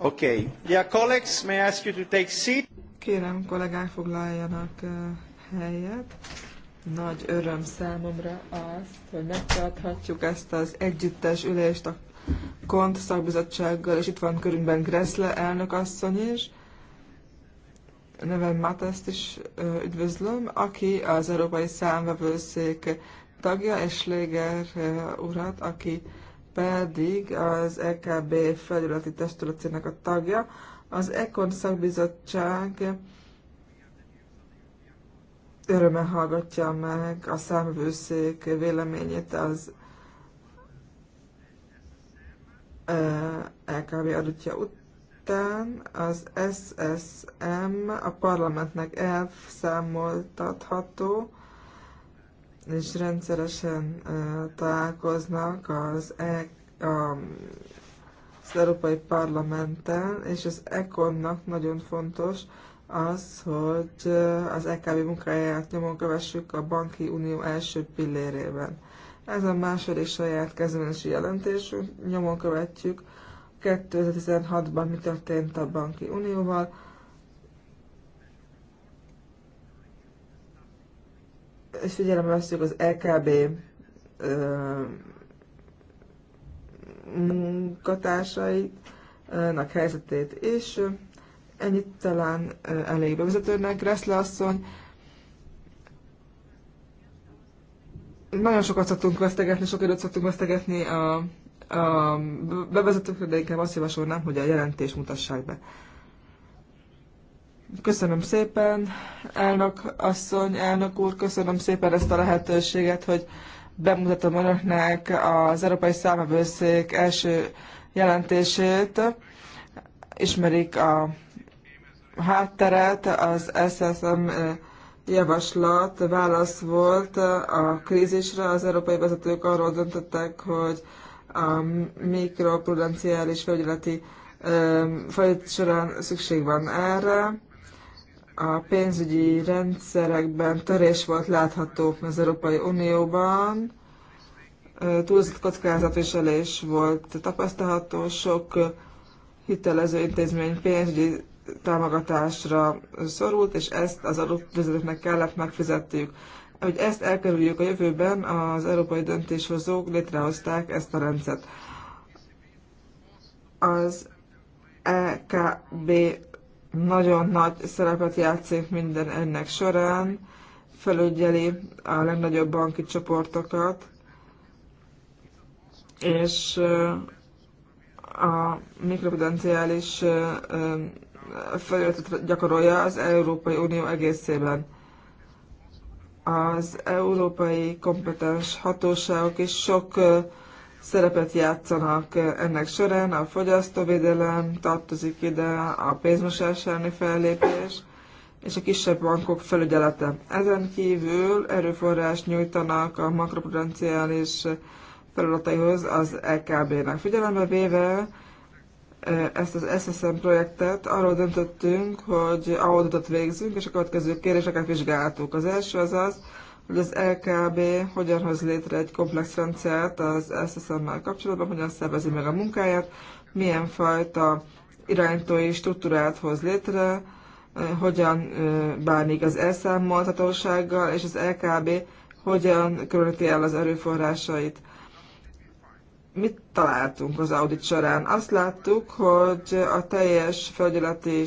Okay. Dear colleagues, may I ask you to take seat? Kérem, kollégák foglaljanak helyet. Nagy öröm számomra azt, hogy megtarthatjuk ezt az együttes ülést a KONT szakbizottsággal, és itt van körünkben Gressle elnök asszony is. Nevem Mateszt is üdvözlöm, aki az Európai Számvevőszék tagja, és Léger eh, urat, aki pedig az EKB felületi testületének a tagja. Az Ekon szakbizottság örömmel hallgatja meg a számvőszék véleményét az LKB eh, e adutja után az SSM a parlamentnek elszámoltatható, és rendszeresen találkoznak az, e, a, az Európai Parlamenttel, és az ECON-nak nagyon fontos az, hogy az EKB munkáját nyomon kövessük a Banki Unió első pillérében. Ez a második saját kezdeményezési jelentésünk, nyomon követjük 2016-ban mi történt a Banki Unióval, és figyelembe veszük az LKB munkatársainak helyzetét is. Ennyit talán elég bevezetőnek. Gressle asszony, nagyon sokat szoktunk vesztegetni, sok időt szoktunk vesztegetni a, a bevezetőkre, de inkább azt javasolnám, hogy a jelentést mutassák be. Köszönöm szépen, elnök asszony, elnök úr, köszönöm szépen ezt a lehetőséget, hogy bemutatom önöknek az Európai Számvevőszék első jelentését. Ismerik a hátteret, az SSM eh, javaslat válasz volt eh, a krízisre. Az európai vezetők arról döntöttek, hogy a mikroprudenciális felügyeleti eh, folyamat során szükség van erre a pénzügyi rendszerekben törés volt látható az Európai Unióban, túlzott kockázatviselés volt tapasztalható, sok hitelező intézmény pénzügyi támogatásra szorult, és ezt az adófizetőknek kellett megfizetniük. Hogy ezt elkerüljük a jövőben, az európai döntéshozók létrehozták ezt a rendszert. Az EKB nagyon nagy szerepet játszik minden ennek során, felügyeli a legnagyobb banki csoportokat, és a mikropidenciális felületet gyakorolja az Európai Unió egészében. Az európai kompetens hatóságok is sok szerepet játszanak ennek során. A fogyasztóvédelem tartozik ide, a pénzmosás elleni fellépés és a kisebb bankok felügyelete. Ezen kívül erőforrás nyújtanak a makroprudenciális feladataihoz az LKB-nek. E Figyelembe véve e, ezt az SSM projektet, arról döntöttünk, hogy auditot végzünk, és a következő kérdéseket vizsgáltuk. Az első az az, hogy az LKB hogyan hoz létre egy komplex rendszert az SSM-mel kapcsolatban, hogyan szervezi meg a munkáját, milyen fajta iránytói struktúrát hoz létre, hogyan bánik az elszámoltatósággal, és az LKB hogyan különíti el az erőforrásait. Mit találtunk az audit során? Azt láttuk, hogy a teljes felügyeleti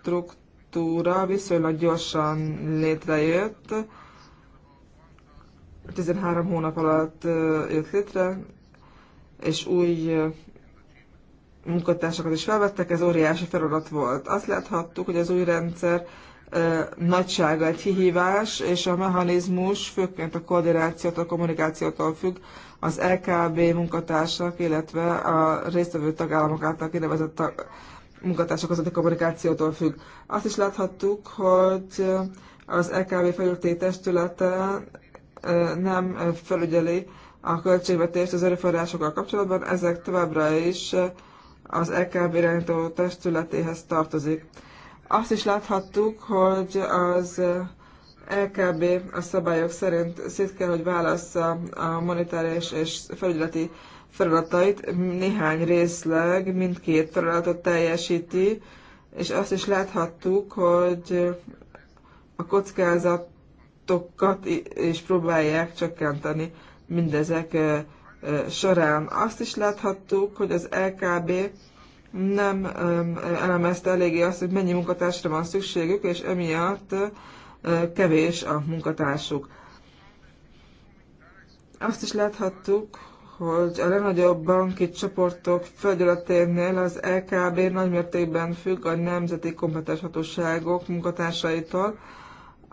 struktúra viszonylag gyorsan létrejött, 13 hónap alatt jött létre, és új munkatársakat is felvettek, ez óriási feladat volt. Azt láthattuk, hogy az új rendszer nagysága egy kihívás, és a mechanizmus főként a koordinációt a kommunikációtól függ az LKB e munkatársak, illetve a résztvevő tagállamok által kinevezett tag, munkatársak közötti kommunikációtól függ. Azt is láthattuk, hogy az LKB e felülté testülete nem felügyeli a költségvetést az erőforrásokkal kapcsolatban, ezek továbbra is az EKB irányító testületéhez tartozik. Azt is láthattuk, hogy az LKB a szabályok szerint szét kell, hogy válassza a monetáris és felügyeleti feladatait. Néhány részleg mindkét feladatot teljesíti, és azt is láthattuk, hogy a kockázat kockázatokat és próbálják csökkenteni mindezek során. Azt is láthattuk, hogy az LKB nem elemezte eléggé azt, hogy mennyi munkatársra van szükségük, és emiatt kevés a munkatársuk. Azt is láthattuk, hogy a legnagyobb banki csoportok földületénél az LKB nagymértékben függ a nemzeti kompetens hatóságok munkatársaitól,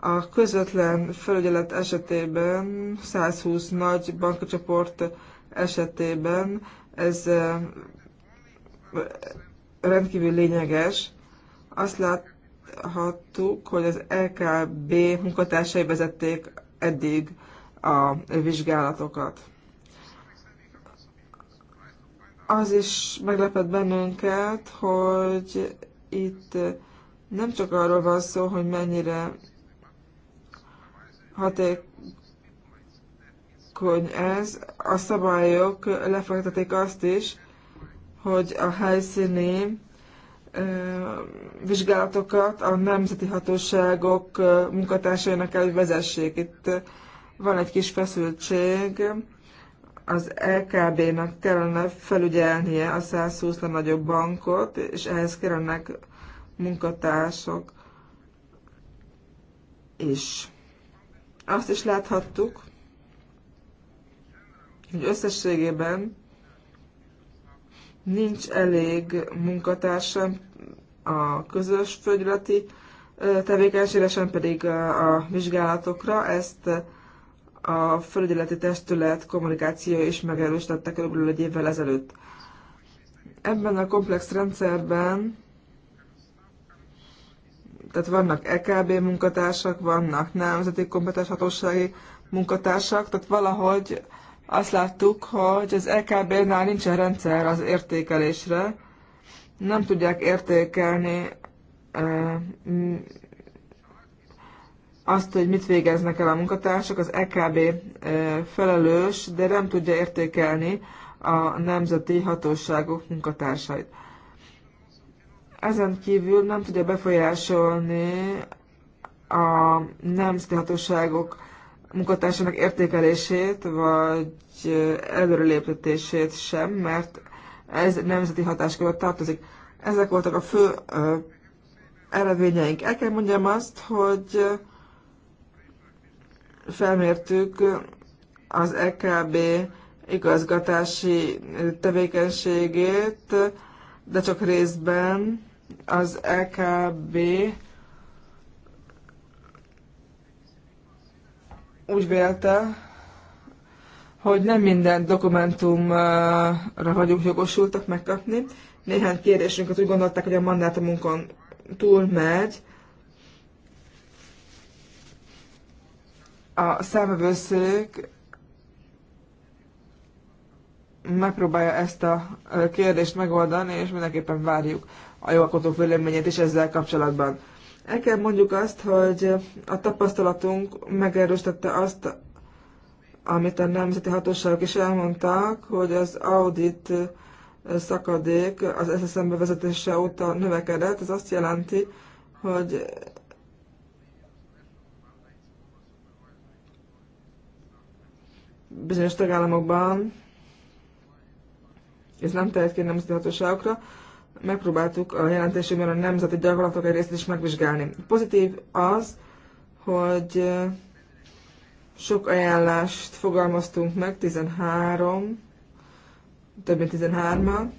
a közvetlen felügyelet esetében 120 nagy bankcsoport esetében ez rendkívül lényeges. Azt láthattuk, hogy az LKB munkatársai vezették eddig a vizsgálatokat. Az is meglepett bennünket, hogy itt nem csak arról van szó, hogy mennyire hatékony ez. A szabályok lefektetik azt is, hogy a helyszíni vizsgálatokat a nemzeti hatóságok munkatársainak kell, hogy vezessék. Itt van egy kis feszültség, az LKB-nak kellene felügyelnie a 120 a nagyobb bankot, és ehhez kellenek munkatársok is azt is láthattuk, hogy összességében nincs elég munkatársam a közös földületi tevékenységre, sem pedig a vizsgálatokra. Ezt a felügyeleti testület kommunikáció is megerősítette körülbelül egy évvel ezelőtt. Ebben a komplex rendszerben tehát vannak EKB munkatársak, vannak nemzeti kompetens hatósági munkatársak, tehát valahogy azt láttuk, hogy az EKB-nál nincsen rendszer az értékelésre, nem tudják értékelni azt, hogy mit végeznek el a munkatársak, az EKB felelős, de nem tudja értékelni a nemzeti hatóságok munkatársait. Ezen kívül nem tudja befolyásolni a nemzeti hatóságok munkatársának értékelését, vagy előreléptetését sem, mert ez nemzeti hatáskörbe tartozik. Ezek voltak a fő ö, eredményeink. El kell mondjam azt, hogy felmértük az EKB igazgatási tevékenységét, de csak részben az EKB úgy vélte, hogy nem minden dokumentumra vagyunk jogosultak megkapni. Néhány kérdésünket úgy gondolták, hogy a mandátumunkon megy. A számövőszék megpróbálja ezt a kérdést megoldani, és mindenképpen várjuk a jogalkotók véleményét is ezzel kapcsolatban. El kell mondjuk azt, hogy a tapasztalatunk megerősítette azt, amit a nemzeti hatóságok is elmondtak, hogy az audit szakadék az SSM bevezetése óta növekedett. Ez azt jelenti, hogy bizonyos tagállamokban és nem tehet ki a nemzeti hatóságokra. Megpróbáltuk a jelentésében a nemzeti gyakorlatok egy részét is megvizsgálni. Pozitív az, hogy sok ajánlást fogalmaztunk meg, 13, több mint 13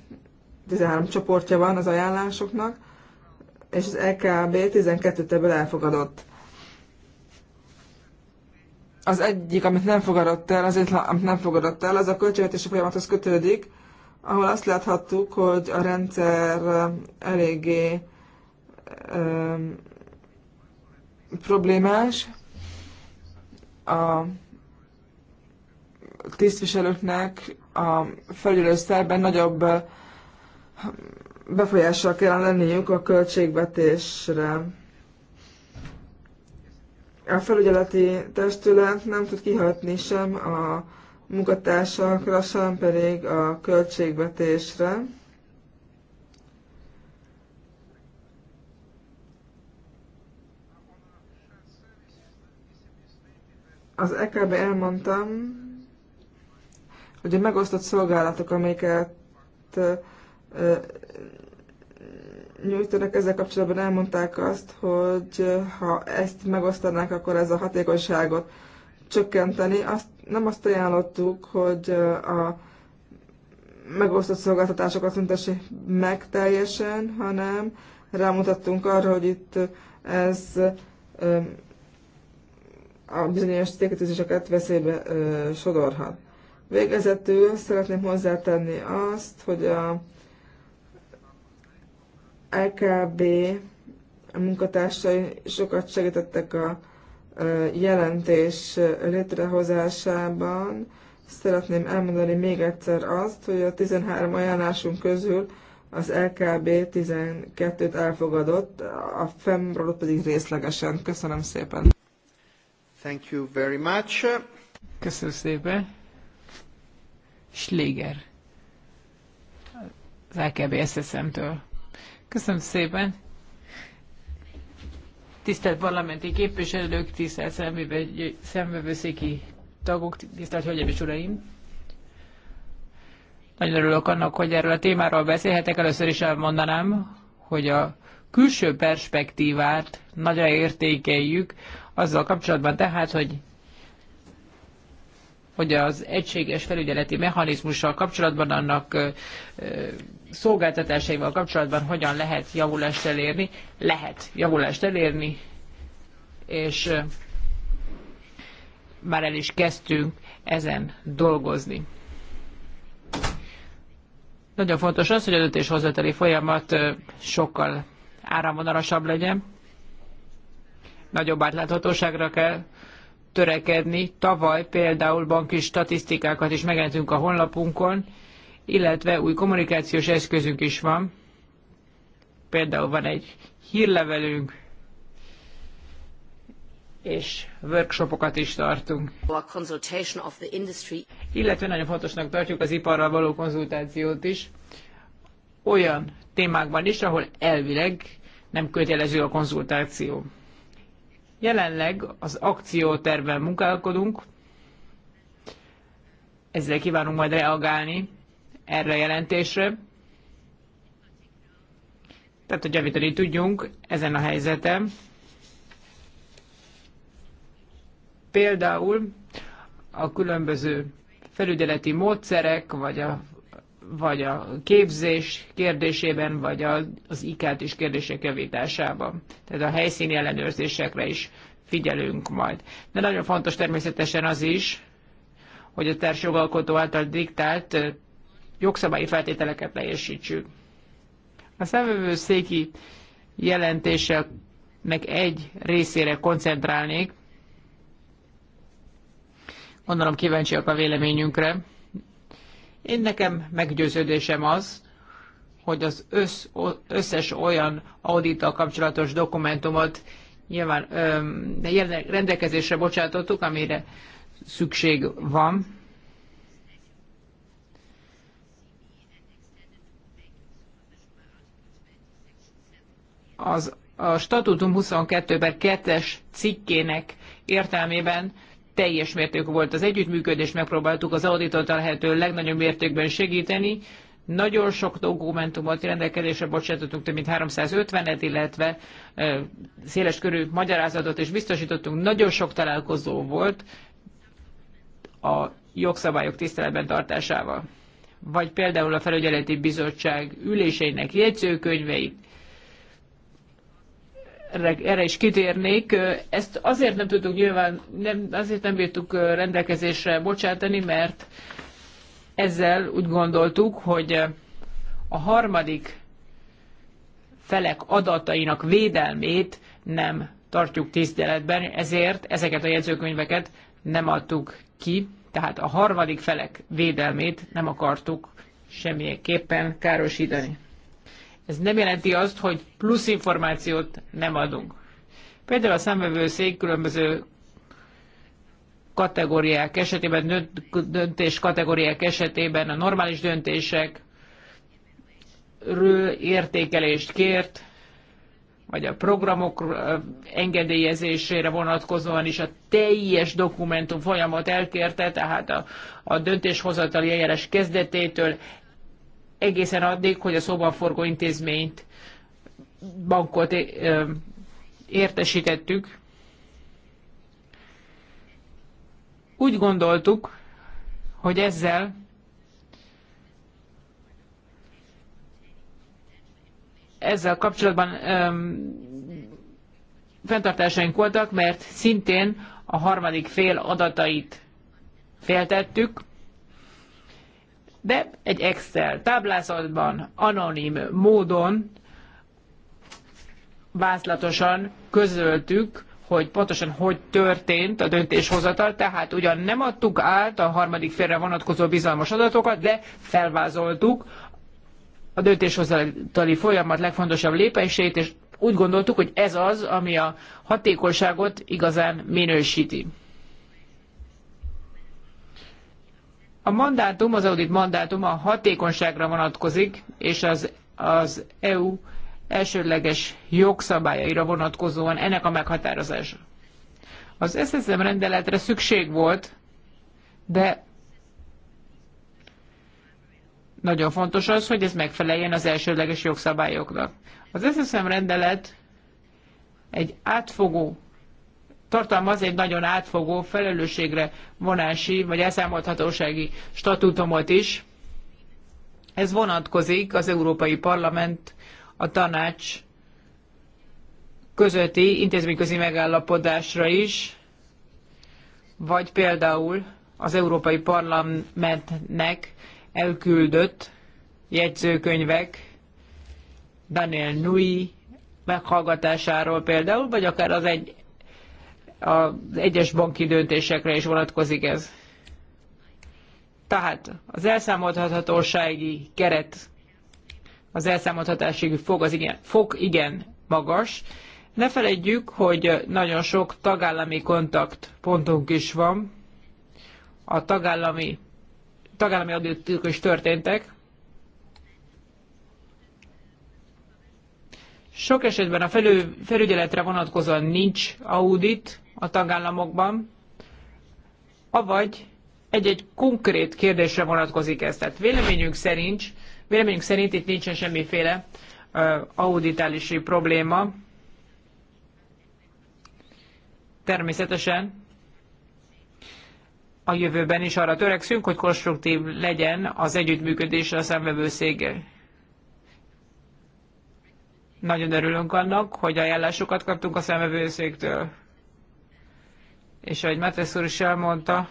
13 csoportja van az ajánlásoknak, és az EKB 12-t ebből elfogadott. Az egyik, amit nem fogadott el, azért, amit nem fogadott el, az a költségvetési folyamathoz kötődik, ahol azt láthattuk, hogy a rendszer um, eléggé ö, um, problémás. A tisztviselőknek a felülő szerben nagyobb uh, befolyással kell lenniük a költségvetésre. A felügyeleti testület nem tud kihatni sem a munkatársak, lassan pedig a költségvetésre. Az EKB elmondtam, hogy a megosztott szolgálatok, amiket nyújtanak, ezzel kapcsolatban elmondták azt, hogy ha ezt megosztanák, akkor ez a hatékonyságot csökkenteni. Azt nem azt ajánlottuk, hogy a megosztott szolgáltatásokat szüntessék meg teljesen, hanem rámutattunk arra, hogy itt ez a bizonyos cégkötőzéseket veszélybe sodorhat. Végezetül szeretném hozzátenni azt, hogy a LKB munkatársai sokat segítettek a jelentés létrehozásában szeretném elmondani még egyszer azt, hogy a 13 ajánlásunk közül az LKB 12-t elfogadott, a FEMről pedig részlegesen. Köszönöm szépen. Thank you very much. Köszönöm szépen. Schläger az LKB SSM-től. Köszönöm szépen tisztelt parlamenti képviselők, tisztelt szemvevőszéki tagok, tisztelt hölgyeim és uraim! Nagyon örülök annak, hogy erről a témáról beszélhetek. Először is elmondanám, hogy a külső perspektívát nagyra értékeljük, azzal kapcsolatban tehát, hogy hogy az egységes felügyeleti mechanizmussal kapcsolatban, annak szolgáltatásaival kapcsolatban hogyan lehet javulást elérni. Lehet javulást elérni, és már el is kezdtünk ezen dolgozni. Nagyon fontos az, hogy a döntéshozatali folyamat sokkal áramvonalasabb legyen, nagyobb átláthatóságra kell törekedni. Tavaly például banki statisztikákat is megjelentünk a honlapunkon, illetve új kommunikációs eszközünk is van. Például van egy hírlevelünk, és workshopokat is tartunk. Illetve nagyon fontosnak tartjuk az iparral való konzultációt is, olyan témákban is, ahol elvileg nem kötelező a konzultáció. Jelenleg az akcióterben munkálkodunk, ezzel kívánunk majd reagálni erre a jelentésre. Tehát, hogy javítani tudjunk ezen a helyzetem. Például a különböző felügyeleti módszerek, vagy a vagy a képzés kérdésében, vagy az IKT is kérdések javításában. Tehát a helyszíni ellenőrzésekre is figyelünk majd. De nagyon fontos természetesen az is, hogy a társjogalkotó által diktált jogszabályi feltételeket teljesítsük. A jelentése jelentéseknek egy részére koncentrálnék. Gondolom kíváncsiak a véleményünkre. Én nekem meggyőződésem az, hogy az össz, összes olyan audittal kapcsolatos dokumentumot nyilván öm, rendelkezésre bocsátottuk, amire szükség van. Az a statutum 22 ben 2-es cikkének értelmében teljes mértékű volt az együttműködés, megpróbáltuk az auditot a lehető legnagyobb mértékben segíteni. Nagyon sok dokumentumot rendelkezésre bocsátottunk, több mint 350-et, illetve széles körű magyarázatot is biztosítottunk. Nagyon sok találkozó volt a jogszabályok tiszteletben tartásával. Vagy például a felügyeleti bizottság üléseinek jegyzőkönyveit erre is kitérnék. Ezt azért nem tudtuk nyilván, nem, azért nem bírtuk rendelkezésre bocsátani, mert ezzel úgy gondoltuk, hogy a harmadik felek adatainak védelmét nem tartjuk tiszteletben, ezért ezeket a jegyzőkönyveket nem adtuk ki, tehát a harmadik felek védelmét nem akartuk semmilyenképpen károsítani. Ez nem jelenti azt, hogy plusz információt nem adunk. Például a számvevőszék különböző kategóriák esetében, döntés kategóriák esetében a normális döntésekről értékelést kért, vagy a programok engedélyezésére vonatkozóan is a teljes dokumentum folyamat elkérte, tehát a, a döntéshozatali eljárás kezdetétől egészen addig, hogy a szóban forgó intézményt, bankot értesítettük. Úgy gondoltuk, hogy ezzel ezzel kapcsolatban öm, fenntartásaink voltak, mert szintén a harmadik fél adatait féltettük, de egy Excel táblázatban, anonim módon vázlatosan közöltük, hogy pontosan hogy történt a döntéshozatal, tehát ugyan nem adtuk át a harmadik félre vonatkozó bizalmas adatokat, de felvázoltuk a döntéshozatali folyamat legfontosabb lépéseit, és úgy gondoltuk, hogy ez az, ami a hatékonyságot igazán minősíti. A mandátum, az audit mandátum a hatékonyságra vonatkozik, és az, az EU elsődleges jogszabályaira vonatkozóan ennek a meghatározása. Az SSM rendeletre szükség volt, de nagyon fontos az, hogy ez megfeleljen az elsődleges jogszabályoknak. Az SSM rendelet egy átfogó tartalmaz egy nagyon átfogó felelősségre vonási vagy elszámolthatósági statútomot is. Ez vonatkozik az Európai Parlament, a tanács közötti intézményközi megállapodásra is, vagy például az Európai Parlamentnek elküldött jegyzőkönyvek Daniel Nui meghallgatásáról például, vagy akár az egy az egyes banki döntésekre is vonatkozik ez. Tehát az elszámoltathatósági keret, az elszámoltatási fog, az igen, fog igen magas. Ne feledjük, hogy nagyon sok tagállami kontaktpontunk is van. A tagállami, tagállami adatok is történtek. Sok esetben a felül, felügyeletre vonatkozóan nincs audit, a tagállamokban, avagy egy-egy konkrét kérdésre vonatkozik ez. Tehát véleményünk szerint, véleményünk szerint itt nincsen semmiféle uh, auditálási probléma. Természetesen a jövőben is arra törekszünk, hogy konstruktív legyen az együttműködés a számvevőszéggel. Nagyon örülünk annak, hogy ajánlásokat kaptunk a számvevőszéktől és ahogy Matesz úr is elmondta,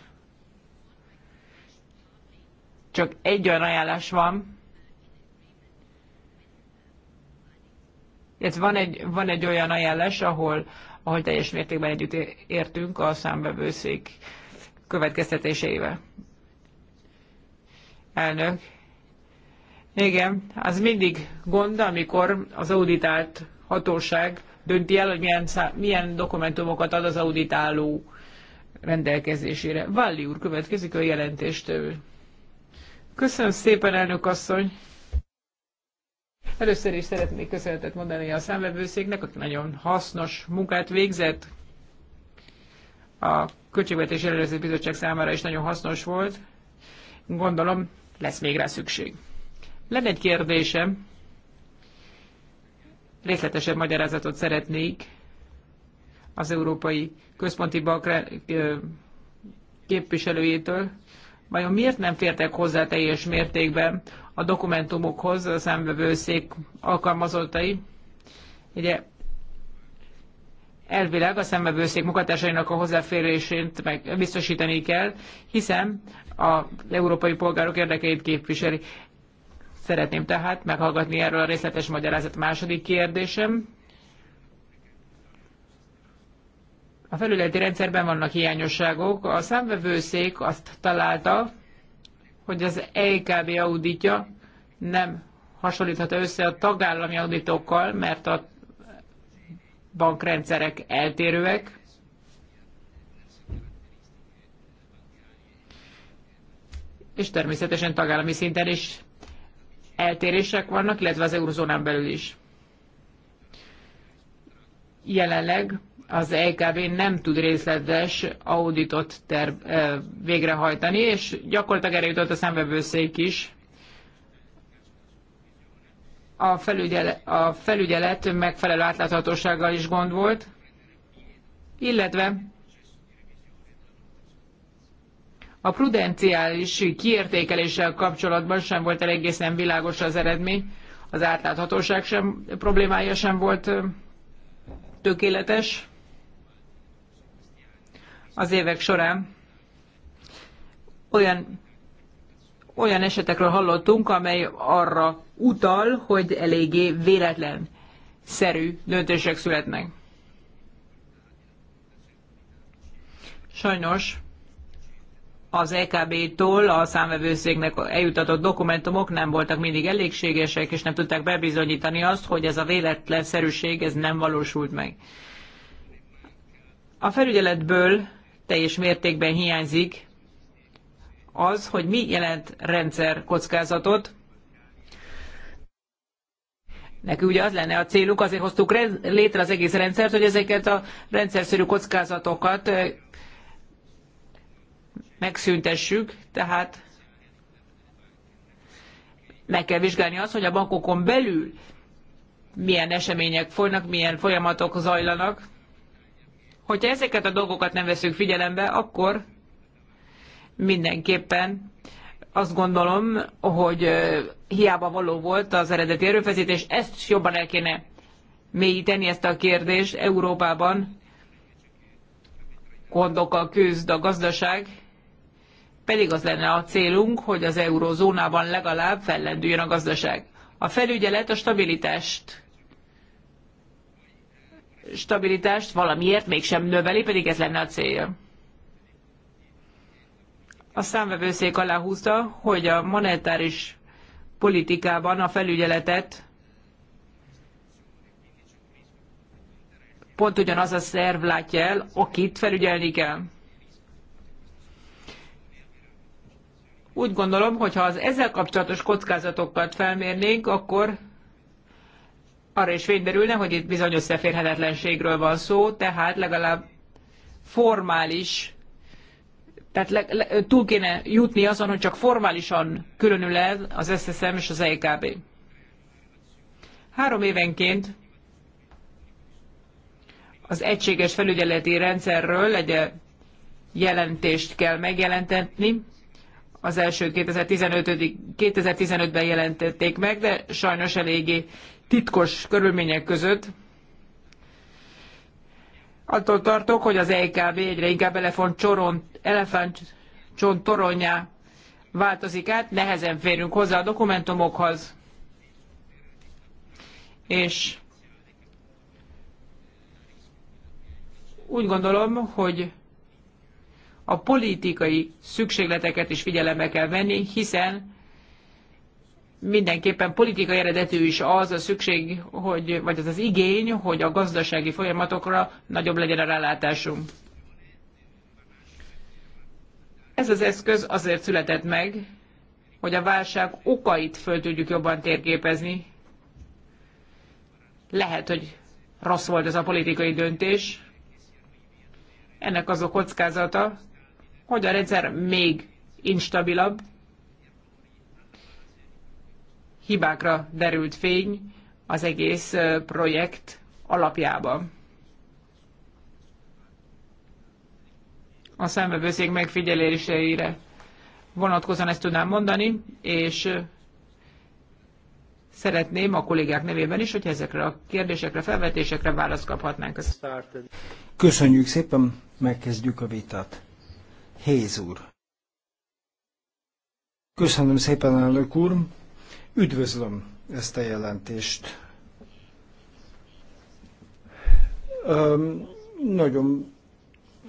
csak egy olyan ajánlás van, ez van egy, van egy olyan ajánlás, ahol, ahol teljes mértékben együtt értünk a számbevőszék következtetéseivel. Elnök. Igen, az mindig gond, amikor az auditált hatóság dönti el, hogy milyen, szá- milyen dokumentumokat ad az auditáló rendelkezésére. Valli úr következik a jelentéstől. Köszönöm szépen, elnök asszony! Először is szeretnék köszönetet mondani a számvevőszéknek, aki nagyon hasznos munkát végzett. A Költségvetési Előző Bizottság számára is nagyon hasznos volt. Gondolom, lesz még rá szükség. Lenne egy kérdésem. Részletesebb magyarázatot szeretnék az Európai Központi Bank képviselőjétől, vajon miért nem fértek hozzá teljes mértékben a dokumentumokhoz a számvevőszék alkalmazottai? Ugye elvileg a számvevőszék munkatársainak a hozzáférését meg biztosítani kell, hiszen az európai polgárok érdekeit képviseli. Szeretném tehát meghallgatni erről a részletes magyarázat második kérdésem. A felületi rendszerben vannak hiányosságok. A számvevőszék azt találta, hogy az EKB auditja nem hasonlítható össze a tagállami auditokkal, mert a bankrendszerek eltérőek. És természetesen tagállami szinten is eltérések vannak, illetve az eurozónán belül is. Jelenleg az EKB nem tud részletes auditot terv, végrehajtani, és gyakorlatilag erre jutott a számvevőszék is. A, felügyele, a felügyelet megfelelő átláthatósággal is gond volt, illetve a prudenciális kiértékeléssel kapcsolatban sem volt egészen világos az eredmény, az átláthatóság sem, problémája sem volt tökéletes az évek során. Olyan, olyan esetekről hallottunk, amely arra utal, hogy eléggé véletlen szerű döntések születnek. Sajnos az EKB-tól a számvevőszéknek eljutatott dokumentumok nem voltak mindig elégségesek, és nem tudták bebizonyítani azt, hogy ez a véletlenszerűség ez nem valósult meg. A felügyeletből teljes mértékben hiányzik az, hogy mi jelent rendszer kockázatot. Nekünk ugye az lenne a célunk, azért hoztuk létre az egész rendszert, hogy ezeket a rendszerszerű kockázatokat megszüntessük, tehát meg kell vizsgálni azt, hogy a bankokon belül milyen események folynak, milyen folyamatok zajlanak. Hogyha ezeket a dolgokat nem veszünk figyelembe, akkor mindenképpen azt gondolom, hogy hiába való volt az eredeti erőfeszítés, ezt jobban el kéne mélyíteni ezt a kérdést. Európában gondokkal küzd a gazdaság, pedig az lenne a célunk, hogy az Eurózónában legalább fellendüljön a gazdaság. A felügyelet a stabilitást stabilitást valamiért mégsem növeli, pedig ez lenne a célja. A számvevőszék aláhúzta, hogy a monetáris politikában a felügyeletet pont ugyanaz a szerv látja el, akit felügyelni kell. Úgy gondolom, hogy ha az ezzel kapcsolatos kockázatokat felmérnénk, akkor arra is fényderülne, hogy itt bizony összeférhetetlenségről van szó, tehát legalább formális, tehát le, le, túl kéne jutni azon, hogy csak formálisan különül el az SSM és az EKB. Három évenként az egységes felügyeleti rendszerről egy jelentést kell megjelentetni. Az első 2015-ben jelentették meg, de sajnos eléggé titkos körülmények között. Attól tartok, hogy az EKB egyre inkább elefont csoron, elefánt csont toronyá változik át, nehezen férünk hozzá a dokumentumokhoz. És úgy gondolom, hogy a politikai szükségleteket is figyelembe kell venni, hiszen mindenképpen politikai eredetű is az a szükség, hogy, vagy az az igény, hogy a gazdasági folyamatokra nagyobb legyen a rálátásunk. Ez az eszköz azért született meg, hogy a válság okait föl tudjuk jobban térképezni. Lehet, hogy rossz volt ez a politikai döntés. Ennek az a kockázata, hogy a rendszer még instabilabb, hibákra derült fény az egész projekt alapjában. A számvevőszék megfigyeléseire vonatkozóan ezt tudnám mondani, és szeretném a kollégák nevében is, hogy ezekre a kérdésekre, felvetésekre választ kaphatnánk. Köszönjük szépen, megkezdjük a vitát. Héz úr. Köszönöm szépen, elnök úr. Üdvözlöm ezt a jelentést. Um, nagyon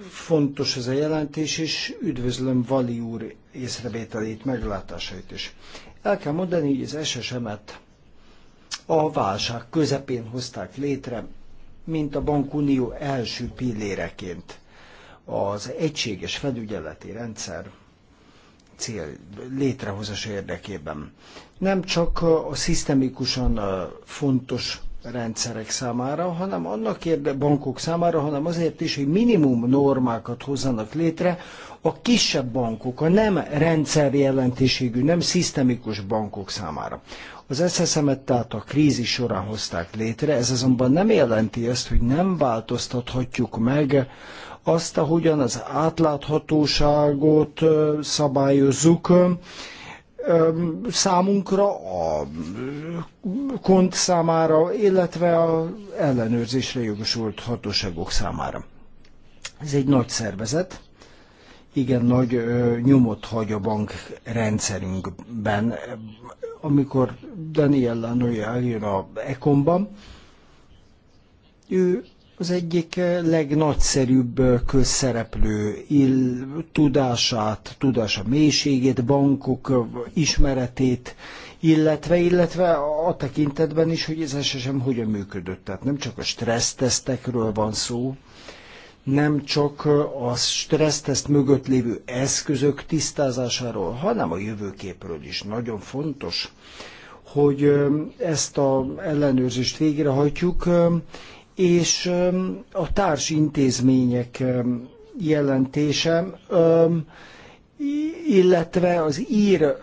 fontos ez a jelentés, és üdvözlöm Vali úr észrevételét, meglátásait is. El kell mondani, hogy az SSM-et a válság közepén hozták létre, mint a bankunió első pilléreként. Az egységes felügyeleti rendszer cél létrehozása érdekében. Nem csak a szisztemikusan fontos rendszerek számára, hanem annak érde, bankok számára, hanem azért is, hogy minimum normákat hozzanak létre a kisebb bankok, a nem jelentőségű, nem szisztemikus bankok számára. Az SSM-et tehát a krízis során hozták létre, ez azonban nem jelenti azt, hogy nem változtathatjuk meg azt, ahogyan az átláthatóságot szabályozzuk, számunkra, a kont számára, illetve a ellenőrzésre jogosult hatóságok számára. Ez egy nagy szervezet, igen nagy nyomot hagy a bank rendszerünkben. Amikor Daniel Lanoy eljön a Econban, ő az egyik eh, legnagyszerűbb eh, közszereplő ill, tudását, tudása mélységét, bankok eh, ismeretét, illetve, illetve a tekintetben is, hogy ez esetem hogyan működött. Tehát nem csak a stressztesztekről van szó, nem csak a stresszteszt mögött lévő eszközök tisztázásáról, hanem a jövőképről is. Nagyon fontos, hogy ezt a ellenőrzést végrehajtjuk, és a társ intézmények jelentésem, illetve az ír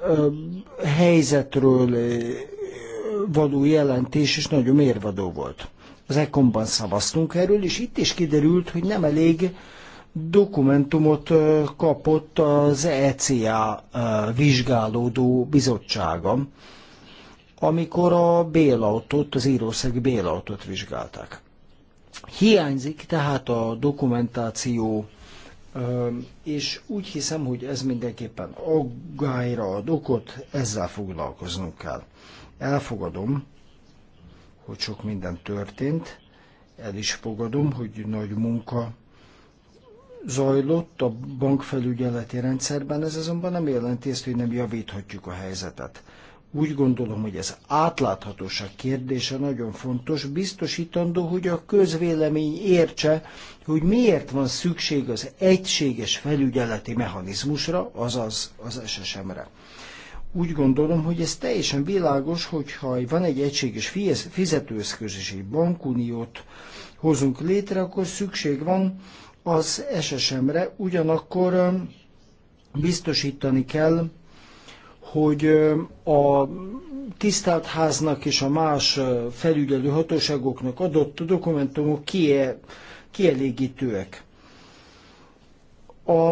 helyzetről való jelentés is nagyon mérvadó volt. Az ecom szavaztunk erről, és itt is kiderült, hogy nem elég dokumentumot kapott az ECA vizsgálódó bizottsága, amikor a bélautót, az írószegi bélautót vizsgálták. Hiányzik tehát a dokumentáció, és úgy hiszem, hogy ez mindenképpen aggályra ad okot, ezzel foglalkoznunk kell. Elfogadom, hogy sok minden történt, el is fogadom, hogy nagy munka zajlott a bankfelügyeleti rendszerben, ez azonban nem jelenti ezt, hogy nem javíthatjuk a helyzetet. Úgy gondolom, hogy ez átláthatóság kérdése nagyon fontos, biztosítandó, hogy a közvélemény értse, hogy miért van szükség az egységes felügyeleti mechanizmusra, azaz az SSM-re. Úgy gondolom, hogy ez teljesen világos, hogyha van egy egységes fizetőeszköz és egy bankuniót hozunk létre, akkor szükség van az SSM-re, ugyanakkor um, biztosítani kell, hogy a tisztelt háznak és a más felügyelő hatóságoknak adott dokumentumok kie, kielégítőek. A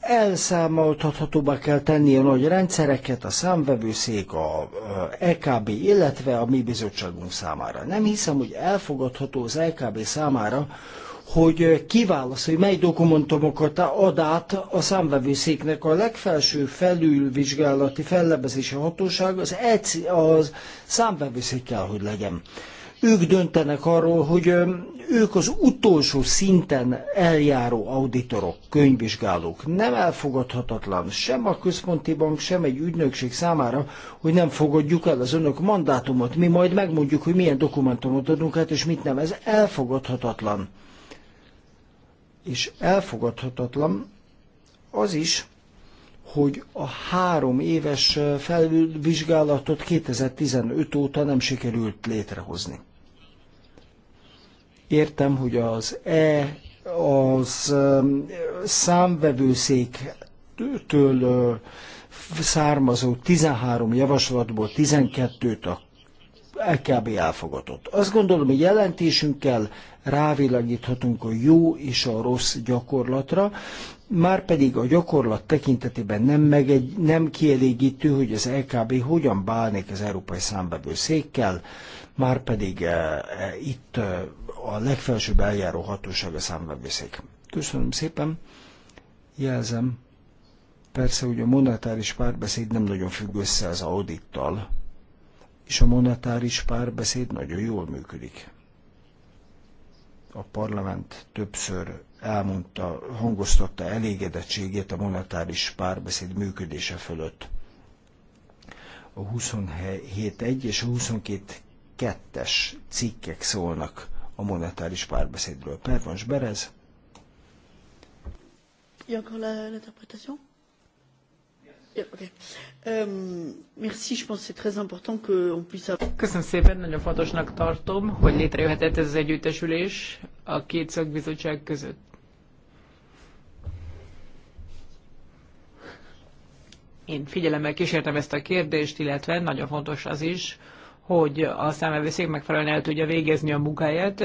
elszámoltathatóbbá kell tenni a nagy rendszereket, a számvevőszék, a LKB, e illetve a mi bizottságunk számára. Nem hiszem, hogy elfogadható az LKB e számára, hogy hogy eh, mely dokumentumokat ad át a számvevőszéknek a legfelső felülvizsgálati fellebezési hatóság, az, EC, az számvevőszék kell, hogy legyen. Ők döntenek arról, hogy eh, ők az utolsó szinten eljáró auditorok, könyvvizsgálók. Nem elfogadhatatlan sem a központi bank, sem egy ügynökség számára, hogy nem fogadjuk el az önök mandátumot. Mi majd megmondjuk, hogy milyen dokumentumot adunk át, és mit nem. Ez elfogadhatatlan és elfogadhatatlan az is, hogy a három éves felvizsgálatot 2015 óta nem sikerült létrehozni. Értem, hogy az E, az számvevőszéktől származó 13 javaslatból 12-t a LKB elfogadott. Azt gondolom, hogy jelentésünkkel rávilágíthatunk a jó és a rossz gyakorlatra, már pedig a gyakorlat tekintetében nem, megegy, nem kielégítő, hogy az LKB hogyan bánik az Európai székkel, már pedig e, e, itt e, a legfelsőbb eljáró hatóság a szék. Köszönöm szépen, jelzem. Persze, hogy a monetáris párbeszéd nem nagyon függ össze az audittal, és a monetáris párbeszéd nagyon jól működik a parlament többször elmondta, hangoztatta elégedettségét a monetáris párbeszéd működése fölött. A 27.1 és a 22.2-es cikkek szólnak a monetáris párbeszédről. Pervans Berez. Il y a encore l'interprétation Um, Köszönöm szépen, nagyon fontosnak tartom, hogy létrejöhetett ez az együttesülés a két szakbizottság között. Én figyelemmel kísértem ezt a kérdést, illetve nagyon fontos az is, hogy a számvevőszék megfelelően el tudja végezni a munkáját.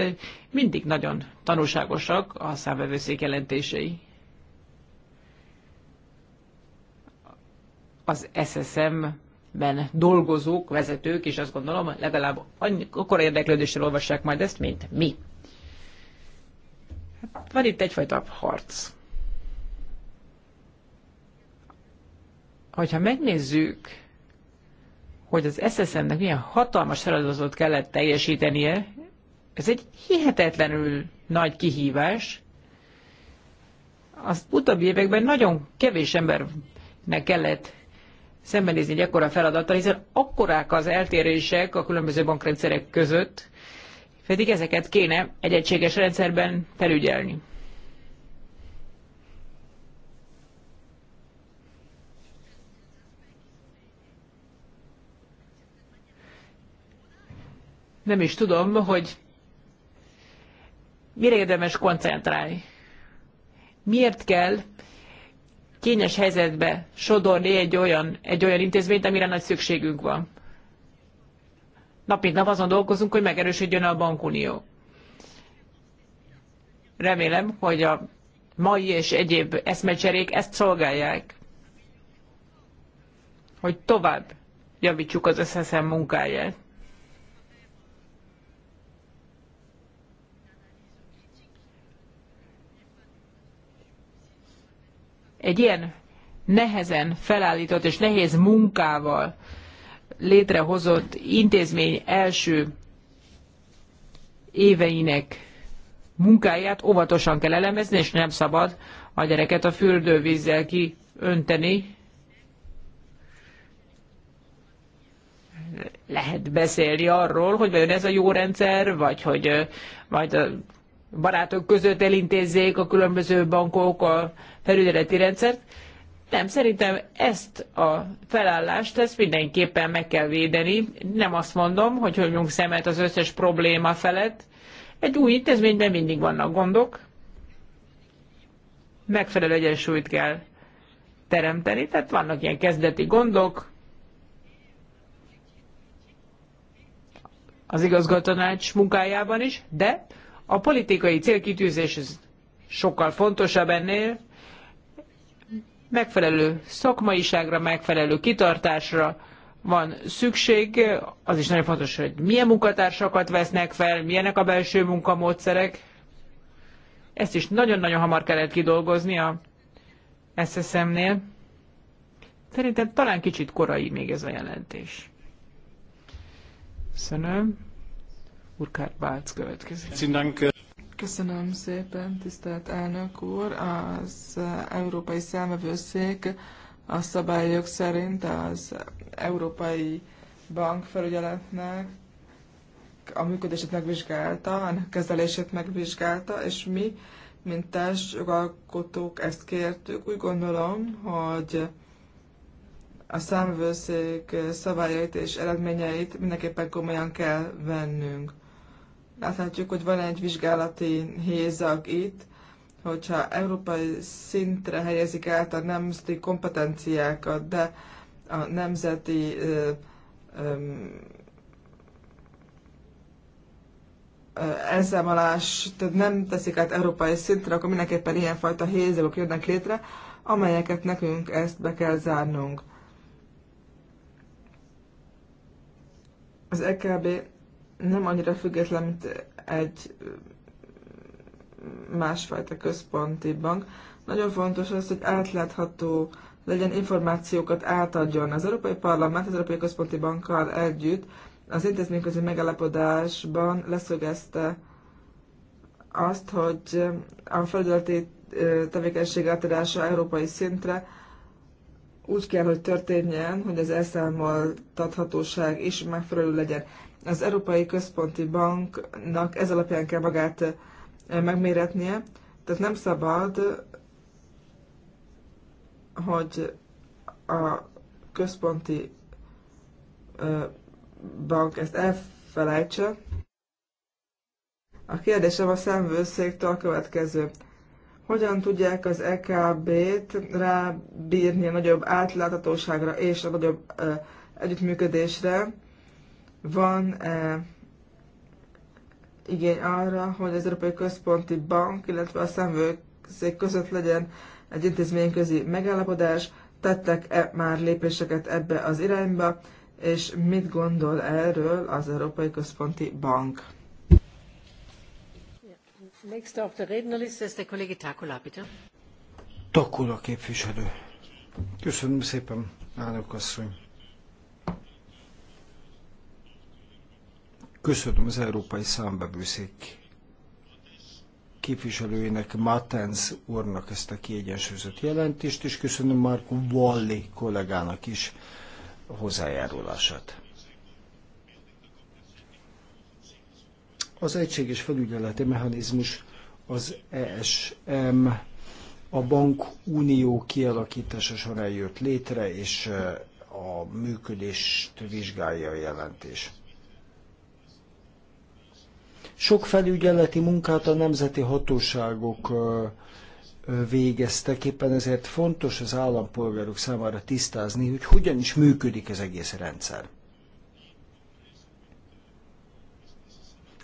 Mindig nagyon tanulságosak a számvevőszék jelentései. az SSM-ben dolgozók, vezetők, és azt gondolom, legalább annyi, akkor érdeklődéssel olvassák majd ezt, mint mi. Hát van itt egyfajta harc. Hogyha megnézzük, hogy az SSM-nek milyen hatalmas feladatot kellett teljesítenie, ez egy hihetetlenül nagy kihívás. Az utóbbi években nagyon kevés embernek kellett szembenézni egy ekkora feladattal, hiszen akkorák az eltérések a különböző bankrendszerek között, pedig ezeket kéne egy egységes rendszerben felügyelni. Nem is tudom, hogy mire érdemes koncentrálni. Miért kell kényes helyzetbe sodorni egy olyan, egy olyan intézményt, amire nagy szükségünk van. Nap mint nap azon dolgozunk, hogy megerősödjön a bankunió. Remélem, hogy a mai és egyéb eszmecserék ezt szolgálják, hogy tovább javítsuk az összeszem munkáját. egy ilyen nehezen felállított és nehéz munkával létrehozott intézmény első éveinek munkáját óvatosan kell elemezni, és nem szabad a gyereket a fürdővízzel kiönteni. Lehet beszélni arról, hogy vajon ez a jó rendszer, vagy hogy majd barátok között elintézzék a különböző bankok a felügyeleti rendszert. Nem, szerintem ezt a felállást, ezt mindenképpen meg kell védeni. Nem azt mondom, hogy hagyjunk szemet az összes probléma felett. Egy új intézményben mindig vannak gondok. Megfelelő egyensúlyt kell teremteni, tehát vannak ilyen kezdeti gondok. Az igazgatónács munkájában is, de a politikai célkitűzés sokkal fontosabb ennél, megfelelő szakmaiságra, megfelelő kitartásra van szükség. Az is nagyon fontos, hogy milyen munkatársakat vesznek fel, milyenek a belső munkamódszerek. Ezt is nagyon-nagyon hamar kellett kidolgozni a SSM-nél. Szerintem talán kicsit korai még ez a jelentés. Köszönöm. Burkhard Bálc következik. Köszönöm szépen, tisztelt elnök úr. Az Európai Számvevőszék a szabályok szerint az Európai Bank felügyeletnek a működését megvizsgálta, a kezelését megvizsgálta, és mi, mint társjogalkotók ezt kértük. Úgy gondolom, hogy a számvőszék szabályait és eredményeit mindenképpen komolyan kell vennünk. Láthatjuk, hogy van egy vizsgálati hézag itt, hogyha európai szintre helyezik át a nemzeti kompetenciákat, de a nemzeti elszámolás nem teszik át európai szintre, akkor mindenképpen ilyenfajta hézagok jönnek létre, amelyeket nekünk ezt be kell zárnunk. Az EKB nem annyira független, mint egy másfajta központi bank. Nagyon fontos az, hogy átlátható legyen információkat átadjon. Az Európai Parlament az Európai Központi Bankkal együtt az intézményközi megállapodásban leszögezte azt, hogy a felügyeleti tevékenység átadása európai szintre úgy kell, hogy történjen, hogy az elszámoltathatóság is megfelelő legyen az Európai Központi Banknak ez alapján kell magát megméretnie, tehát nem szabad, hogy a központi bank ezt elfelejtse. A kérdésem a szemvőszéktől a következő. Hogyan tudják az EKB-t rábírni a nagyobb átláthatóságra és a nagyobb együttműködésre, van-e eh, igény arra, hogy az Európai Központi Bank, illetve a szemvőszék között legyen egy intézményközi megállapodás, tettek-e már lépéseket ebbe az irányba, és mit gondol erről az Európai Központi Bank? Takula, bitte. Takula képviselő. Köszönöm szépen, elnök asszony. Köszönöm az Európai Számbevőszék képviselőjének, Martens úrnak ezt a kiegyensúlyozott jelentést, és köszönöm Marko Walli kollégának is a hozzájárulását. Az egységes felügyeleti mechanizmus az ESM a bankunió kialakítása során jött létre, és eh, a működést vizsgálja a jelentés. Sok felügyeleti munkát a nemzeti hatóságok végeztek, éppen ezért fontos az állampolgárok számára tisztázni, hogy hogyan is működik az egész rendszer.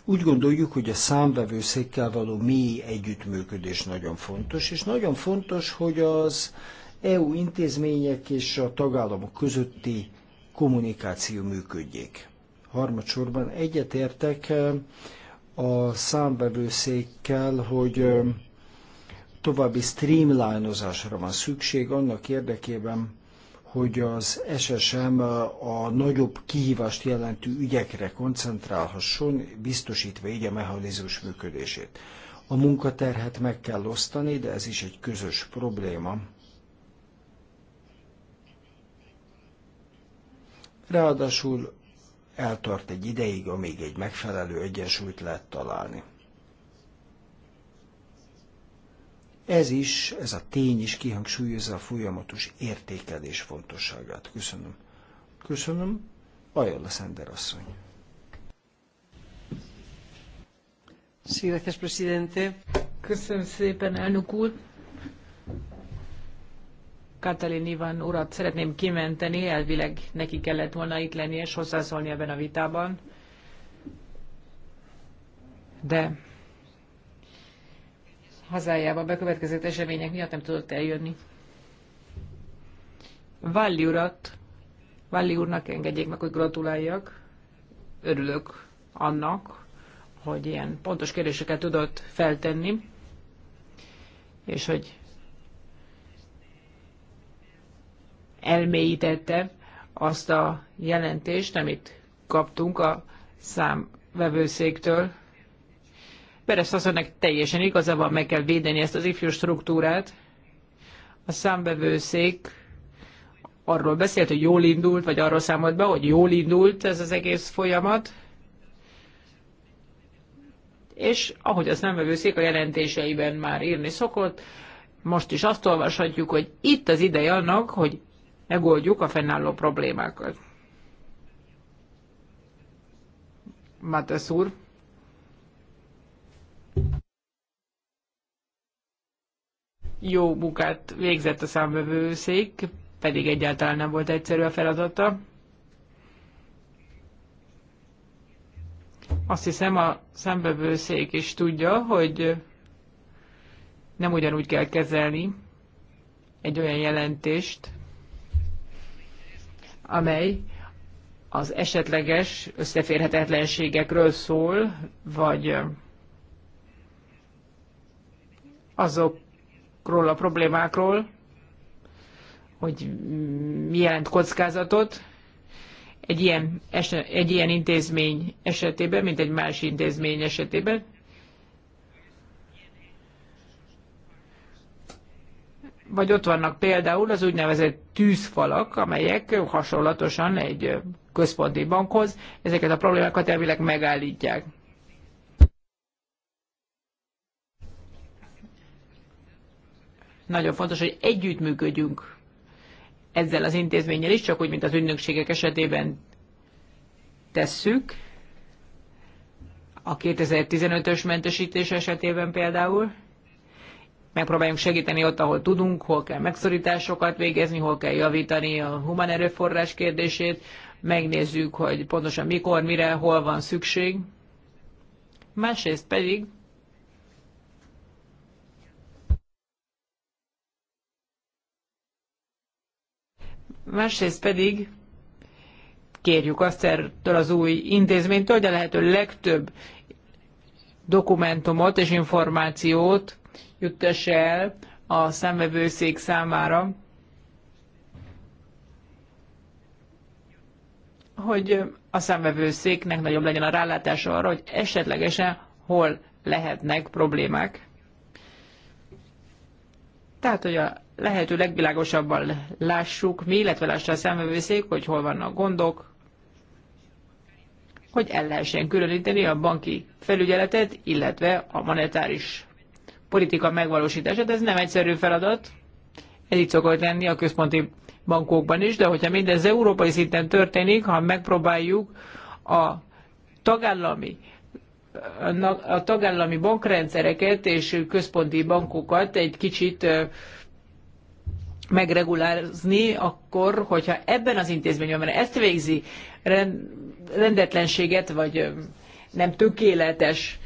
Úgy gondoljuk, hogy a számvevőszékkel való mély együttműködés nagyon fontos, és nagyon fontos, hogy az EU intézmények és a tagállamok közötti kommunikáció működjék. Harmadsorban egyetértek a számbevőszékkel, hogy további streamlinozásra van szükség annak érdekében, hogy az SSM a nagyobb kihívást jelentő ügyekre koncentrálhasson, biztosítva így a mechanizmus működését. A munkaterhet meg kell osztani, de ez is egy közös probléma. Ráadásul eltart egy ideig, amíg egy megfelelő egyensúlyt lehet találni. Ez is, ez a tény is kihangsúlyozza a folyamatos értékelés fontosságát. Köszönöm. Köszönöm. Ajánl Szender asszony. Köszönöm szépen, elnök úr. Katalin Ivan urat szeretném kimenteni, elvileg neki kellett volna itt lenni és hozzászólni ebben a vitában. De hazájába bekövetkezett események miatt nem tudott eljönni. Valli urat, Valli úrnak engedjék meg, hogy gratuláljak. Örülök annak, hogy ilyen pontos kérdéseket tudott feltenni, és hogy elmélyítette azt a jelentést, amit kaptunk a számvevőszéktől. Peres mondja, teljesen igazából meg kell védeni ezt az ifjú struktúrát. A számvevőszék arról beszélt, hogy jól indult, vagy arról számolt be, hogy jól indult ez az egész folyamat. És ahogy a számvevőszék a jelentéseiben már írni szokott, most is azt olvashatjuk, hogy itt az ideje annak, hogy megoldjuk a fennálló problémákat. Mátesz úr. Jó munkát végzett a számvevőszék, pedig egyáltalán nem volt egyszerű a feladata. Azt hiszem a számbevőszék is tudja, hogy nem ugyanúgy kell kezelni egy olyan jelentést, amely az esetleges összeférhetetlenségekről szól, vagy azokról a problémákról, hogy mi jelent kockázatot egy ilyen, eset, egy ilyen intézmény esetében, mint egy más intézmény esetében. vagy ott vannak például az úgynevezett tűzfalak, amelyek hasonlatosan egy központi bankhoz ezeket a problémákat elvileg megállítják. Nagyon fontos, hogy együttműködjünk ezzel az intézménnyel is, csak úgy, mint az ügynökségek esetében tesszük. A 2015-ös mentesítés esetében például megpróbáljunk segíteni ott, ahol tudunk, hol kell megszorításokat végezni, hol kell javítani a human erőforrás kérdését, megnézzük, hogy pontosan mikor, mire, hol van szükség. Másrészt pedig másrészt pedig kérjük azt ertől az új intézménytől, a lehető legtöbb dokumentumot és információt juttassa el a szemvevőszék számára, hogy a szemvevőszéknek nagyobb legyen a rálátása arra, hogy esetlegesen hol lehetnek problémák. Tehát, hogy a lehető legvilágosabban lássuk mi, illetve lássa a szemvevőszék, hogy hol vannak gondok, hogy el lehessen különíteni a banki felügyeletet, illetve a monetáris politika megvalósítása, de ez nem egyszerű feladat. Ez így szokott lenni a központi bankokban is, de hogyha mindez európai szinten történik, ha megpróbáljuk a tagállami a tagállami bankrendszereket és központi bankokat egy kicsit megregulázni, akkor, hogyha ebben az intézményben, mert ezt végzi rendetlenséget, vagy nem tökéletes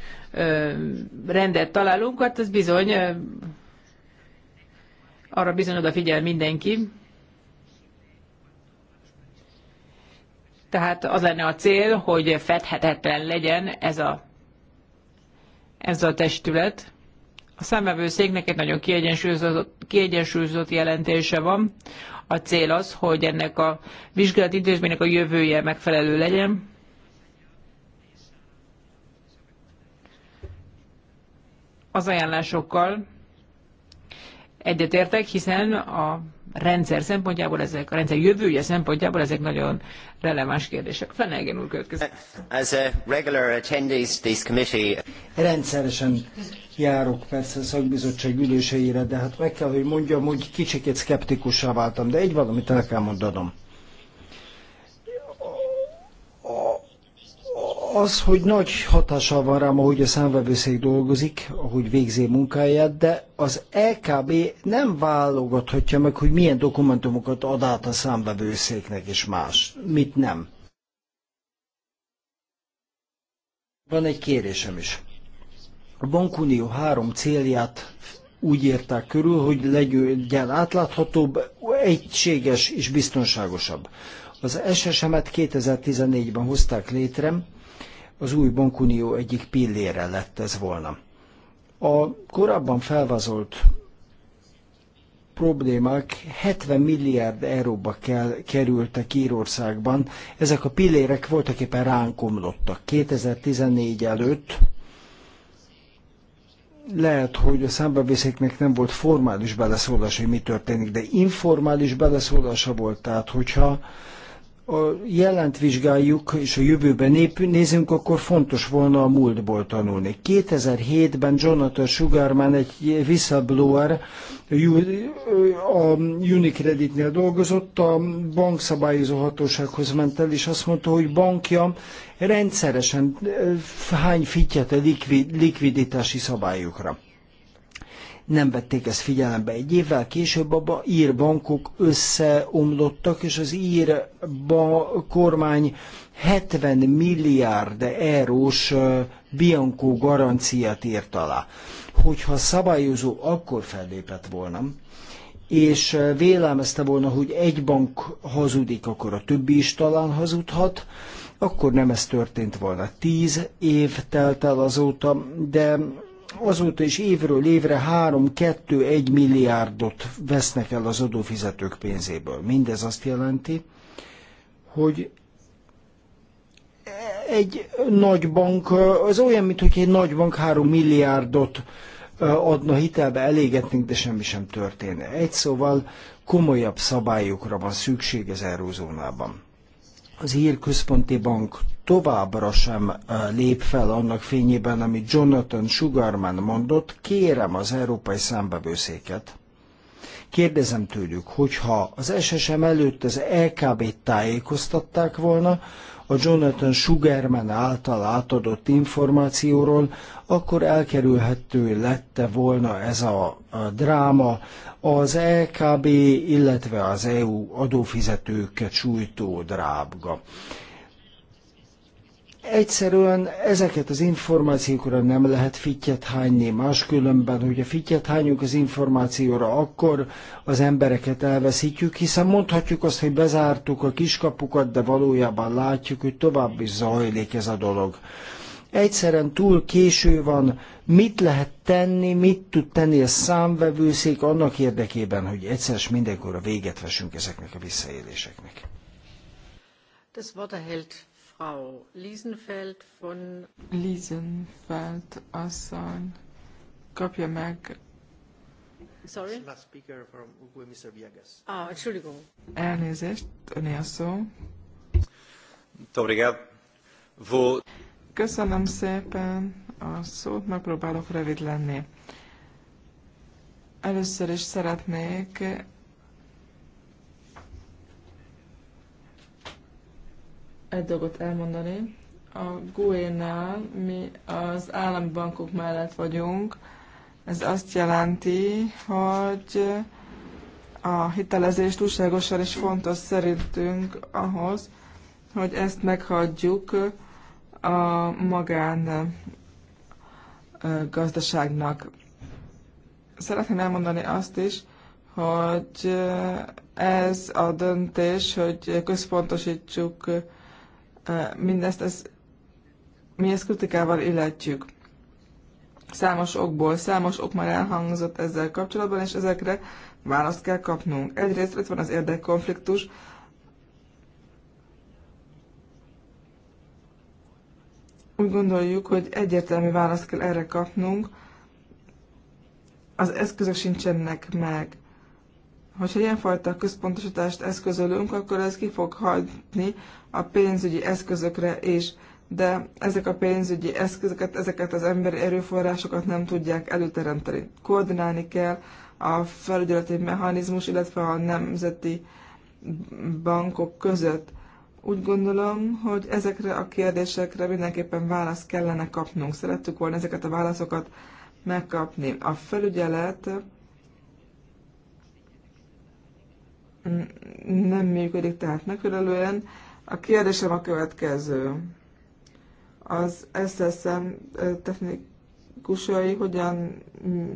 rendet találunk, hát ez bizony arra bizony odafigyel mindenki. Tehát az lenne a cél, hogy fedhetetlen legyen ez a, ez a testület. A számvevőszéknek egy nagyon kiegyensúlyozott, kiegyensúlyozott jelentése van. A cél az, hogy ennek a vizsgálati intézménynek a jövője megfelelő legyen. az ajánlásokkal egyetértek, hiszen a rendszer szempontjából ezek, a rendszer jövője szempontjából ezek nagyon releváns kérdések. Fenelgen úr következik. Rendszeresen járok persze szakbizottság üléseire, de hát meg kell, hogy mondjam, hogy kicsikét szkeptikussá váltam, de egy valamit el kell mondanom az, hogy nagy hatással van rám, ahogy a számvevőszék dolgozik, ahogy végzi munkáját, de az LKB nem válogathatja meg, hogy milyen dokumentumokat ad át a számvevőszéknek és más, mit nem. Van egy kérésem is. A Bankunió három célját úgy írták körül, hogy legyen átláthatóbb, egységes és biztonságosabb. Az SSM-et 2014-ben hozták létre, az új bankunió egyik pillére lett ez volna. A korábban felvázolt problémák 70 milliárd euróba kell, kerültek Írországban. Ezek a pillérek voltak éppen ránk omlottak. 2014 előtt lehet, hogy a számbevészéknek nem volt formális beleszólása, hogy mi történik, de informális beleszólása volt. Tehát, hogyha a jelent vizsgáljuk, és a jövőben nép, nézünk, akkor fontos volna a múltból tanulni. 2007-ben Jonathan Sugarman, egy whistleblower, a Unicreditnél dolgozott, a bankszabályozó hatósághoz ment el, és azt mondta, hogy bankja rendszeresen eh, hány fittyet a likviditási szabályokra nem vették ezt figyelembe. Egy évvel később a ír bankok összeomlottak, és az ír kormány 70 milliárd eurós Bianco garanciát írt alá. Hogyha szabályozó akkor fellépett volna, és vélelmezte volna, hogy egy bank hazudik, akkor a többi is talán hazudhat, akkor nem ez történt volna. Tíz év telt el azóta, de azóta is évről évre 3-2-1 milliárdot vesznek el az adófizetők pénzéből. Mindez azt jelenti, hogy egy nagy bank, az olyan, mint hogy egy nagy bank 3 milliárdot adna hitelbe, elégetnénk, de semmi sem történne. Egy szóval komolyabb szabályokra van szükség az eurózónában. Az Ír Központi Bank továbbra sem eh, lép fel annak fényében, amit Jonathan Sugarman mondott, kérem az Európai Számbevőszéket, Kérdezem tőlük, hogyha az SSM előtt az LKB-t tájékoztatták volna a Jonathan Sugarman által átadott információról, akkor elkerülhető lette volna ez a, dráma az LKB, illetve az EU adófizetőket sújtó drábga. Egyszerűen ezeket az információkra nem lehet fittyet hányni, máskülönben, hogyha fittyet hányunk az információra, akkor az embereket elveszítjük, hiszen mondhatjuk azt, hogy bezártuk a kiskapukat, de valójában látjuk, hogy tovább is zajlik ez a dolog. Egyszerűen túl késő van, mit lehet tenni, mit tud tenni a számvevőszék annak érdekében, hogy egyszer mindenkor mindenkorra véget vessünk ezeknek a visszaéléseknek. Das Wort erhält Frau Liesenfeld von... Liesenfeld asszony kapja meg... Sorry? Last speaker from Uruguay, Mr. Ah, Entschuldigung. Elnézést, öné Köszönöm szépen a szót, megpróbálok rövid lenni. Először is szeretnék egy dolgot elmondani. A GUE-nál mi az állami bankok mellett vagyunk. Ez azt jelenti, hogy a hitelezés túlságosan is fontos szerintünk ahhoz, hogy ezt meghagyjuk a magán gazdaságnak. Szeretném elmondani azt is, hogy ez a döntés, hogy központosítsuk mindezt ez, mi ezt kritikával illetjük. Számos okból, számos ok már elhangzott ezzel kapcsolatban, és ezekre választ kell kapnunk. Egyrészt ott van az érdekkonfliktus, úgy gondoljuk, hogy egyértelmű választ kell erre kapnunk, az eszközök sincsenek meg hogyha ilyenfajta központosítást eszközölünk, akkor ez ki fog hagyni a pénzügyi eszközökre is, de ezek a pénzügyi eszközöket, ezeket az emberi erőforrásokat nem tudják előteremteni. Koordinálni kell a felügyeleti mechanizmus, illetve a nemzeti bankok között. Úgy gondolom, hogy ezekre a kérdésekre mindenképpen választ kellene kapnunk. Szerettük volna ezeket a válaszokat megkapni. A felügyelet nem működik tehát megfelelően. A kérdésem a következő. Az SSM technikusai hogyan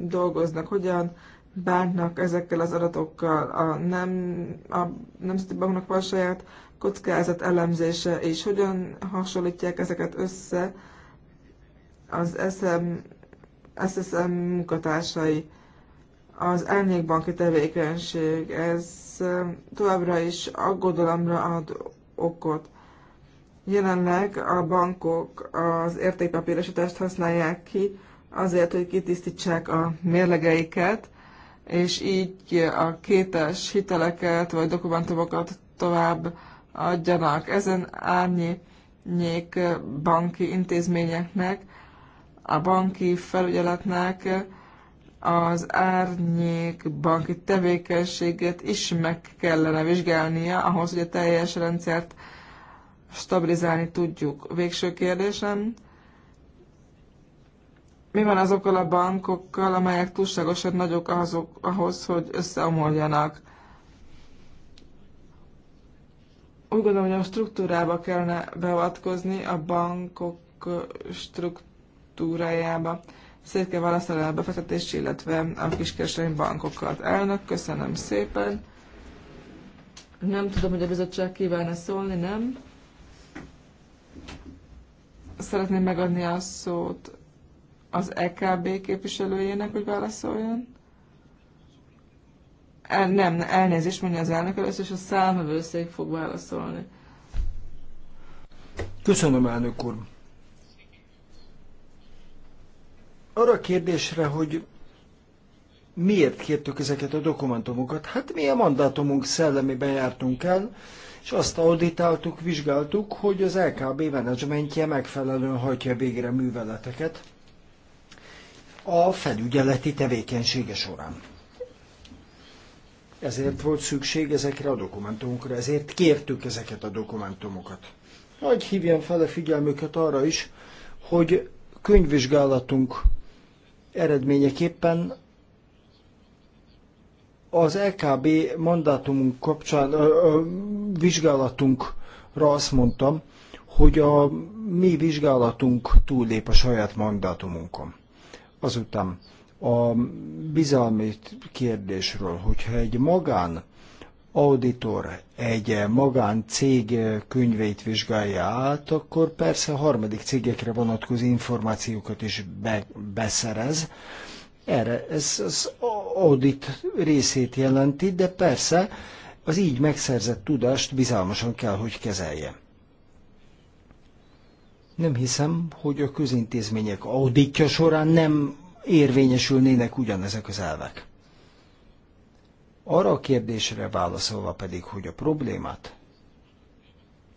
dolgoznak, hogyan bánnak ezekkel az adatokkal? A, nem, a Nemzeti Banknak van saját kockázat elemzése, és hogyan hasonlítják ezeket össze az SM, SSM munkatársai? az árnyékbanki tevékenység. Ez um, továbbra is aggodalomra ad okot. Jelenleg a bankok az értékpapírosítást használják ki azért, hogy kitisztítsák a mérlegeiket, és így a kétes hiteleket vagy dokumentumokat tovább adjanak. Ezen árnyék banki intézményeknek, a banki felügyeletnek az árnyék banki tevékenységet is meg kellene vizsgálnia ahhoz, hogy a teljes rendszert stabilizálni tudjuk. Végső kérdésem, mi van azokkal a bankokkal, amelyek túlságosan nagyok azok, ahhoz, hogy összeomoljanak? Úgy gondolom, hogy a struktúrába kellene beavatkozni, a bankok struktúrájába szét kell választani a befektetési, illetve a kiskereskedelmi bankokat. Elnök, köszönöm szépen. Nem tudom, hogy a bizottság kívánna szólni, nem? Szeretném megadni a szót az EKB képviselőjének, hogy válaszoljon. El, nem, elnézést mondja az elnök először, és a számövőszék fog válaszolni. Köszönöm, elnök úr. arra a kérdésre, hogy miért kértük ezeket a dokumentumokat? Hát mi a mandátumunk szellemében jártunk el, és azt auditáltuk, vizsgáltuk, hogy az LKB menedzsmentje megfelelően hajtja végre műveleteket a felügyeleti tevékenysége során. Ezért volt szükség ezekre a dokumentumokra, ezért kértük ezeket a dokumentumokat. Nagy hívjam fel a figyelmüket arra is, hogy könyvvizsgálatunk eredményeképpen az LKB mandátumunk kapcsán, ö, ö, vizsgálatunkra azt mondtam, hogy a mi vizsgálatunk túllép a saját mandátumunkon. Azután a bizalmi kérdésről, hogyha egy magán auditor egy magáncég könyveit vizsgálja át, akkor persze a harmadik cégekre vonatkozó információkat is be, beszerez. Erre ez az audit részét jelenti, de persze az így megszerzett tudást bizalmasan kell, hogy kezelje. Nem hiszem, hogy a közintézmények auditja során nem érvényesülnének ugyanezek az elvek. Arra a kérdésre válaszolva pedig, hogy a problémát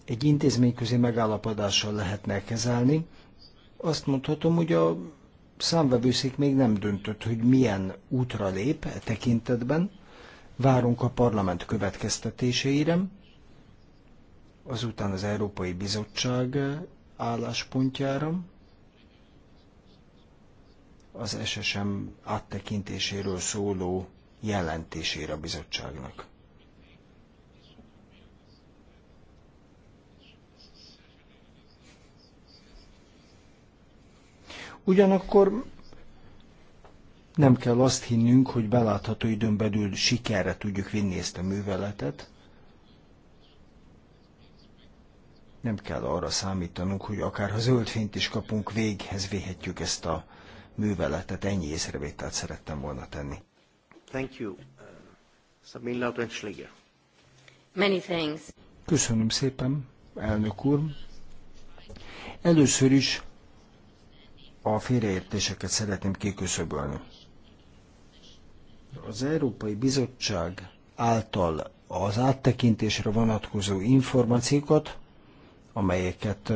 egy intézményközi megállapodással lehetne kezelni, azt mondhatom, hogy a számvevőszék még nem döntött, hogy milyen útra lép e tekintetben. Várunk a parlament következtetéseire, azután az Európai Bizottság álláspontjára, az SSM áttekintéséről szóló jelentésére a bizottságnak. Ugyanakkor nem kell azt hinnünk, hogy belátható időn belül sikerre tudjuk vinni ezt a műveletet. Nem kell arra számítanunk, hogy akár ha zöld fényt is kapunk, véghez véhetjük ezt a műveletet. Ennyi észrevételt szerettem volna tenni. Thank you. Uh, Sabine Lautenschläger. Many thanks. Köszönöm szépen, elnök úr. Először is a félreértéseket szeretném kiküszöbölni. Az Európai Bizottság által az áttekintésre vonatkozó információkat, amelyeket,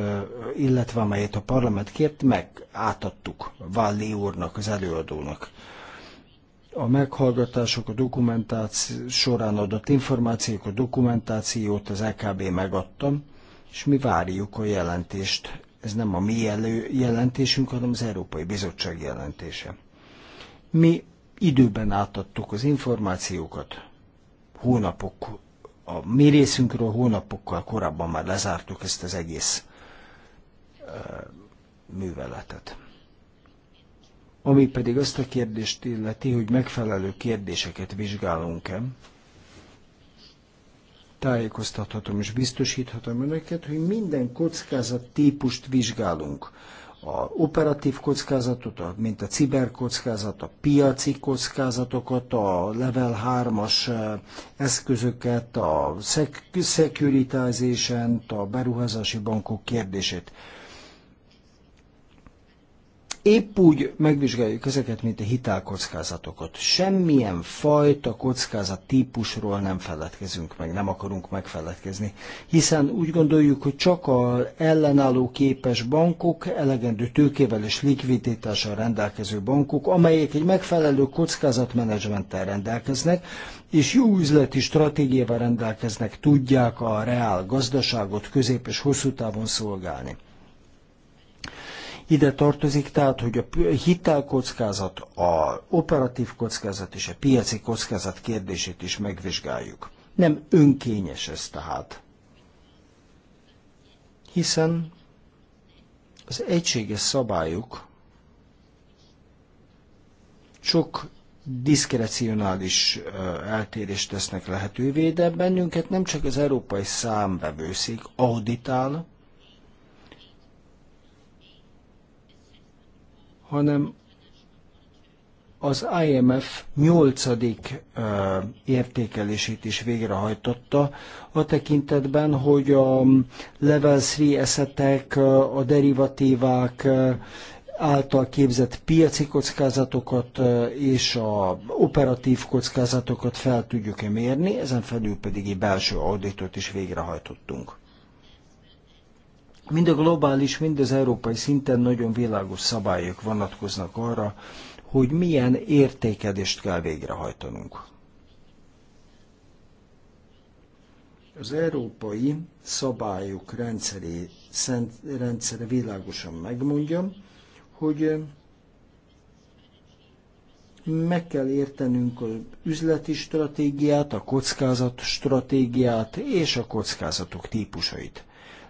illetve amelyet a parlament kért, meg átadtuk Valli úrnak, az előadónak a meghallgatások, a dokumentáció során adott információk, a dokumentációt az EKB megadtam, és mi várjuk a jelentést. Ez nem a mi elő jelentésünk, hanem az Európai Bizottság jelentése. Mi időben átadtuk az információkat, hónapok, a mi részünkről hónapokkal korábban már lezártuk ezt az egész műveletet ami pedig azt a kérdést illeti, hogy megfelelő kérdéseket vizsgálunk-e. Tájékoztathatom és biztosíthatom önöket, hogy minden kockázat típust vizsgálunk. A operatív kockázatot, mint a ciberkockázat, a piaci kockázatokat, a level 3-as eh, eszközöket, a securitization a beruházási bankok kérdését. Épp úgy megvizsgáljuk ezeket, mint a hitelkockázatokat. Semmilyen fajta kockázat típusról nem feledkezünk meg, nem akarunk megfeledkezni, hiszen úgy gondoljuk, hogy csak a ellenálló képes bankok, elegendő tőkével és likviditással rendelkező bankok, amelyek egy megfelelő kockázatmenedzsmenttel rendelkeznek, és jó üzleti stratégiával rendelkeznek, tudják a reál gazdaságot közép és hosszú távon szolgálni. Ide tartozik tehát, hogy a hitelkockázat, a operatív kockázat és a piaci kockázat kérdését is megvizsgáljuk. Nem önkényes ez tehát. Hiszen az egységes szabályok sok diszkrecionális eltérést tesznek lehetővé, de bennünket nem csak az európai számbevőszék auditál, hanem az IMF nyolcadik értékelését is végrehajtotta, a tekintetben, hogy a level 3 eszetek, a derivatívák által képzett piaci kockázatokat és a operatív kockázatokat fel tudjuk -e mérni, ezen felül pedig egy belső auditot is végrehajtottunk. Mind a globális, mind az európai szinten nagyon világos szabályok vonatkoznak arra, hogy milyen értékelést kell végrehajtanunk. Az európai szabályok rendszeré, szent, rendszere világosan megmondja, hogy meg kell értenünk az üzleti stratégiát, a kockázat stratégiát és a kockázatok típusait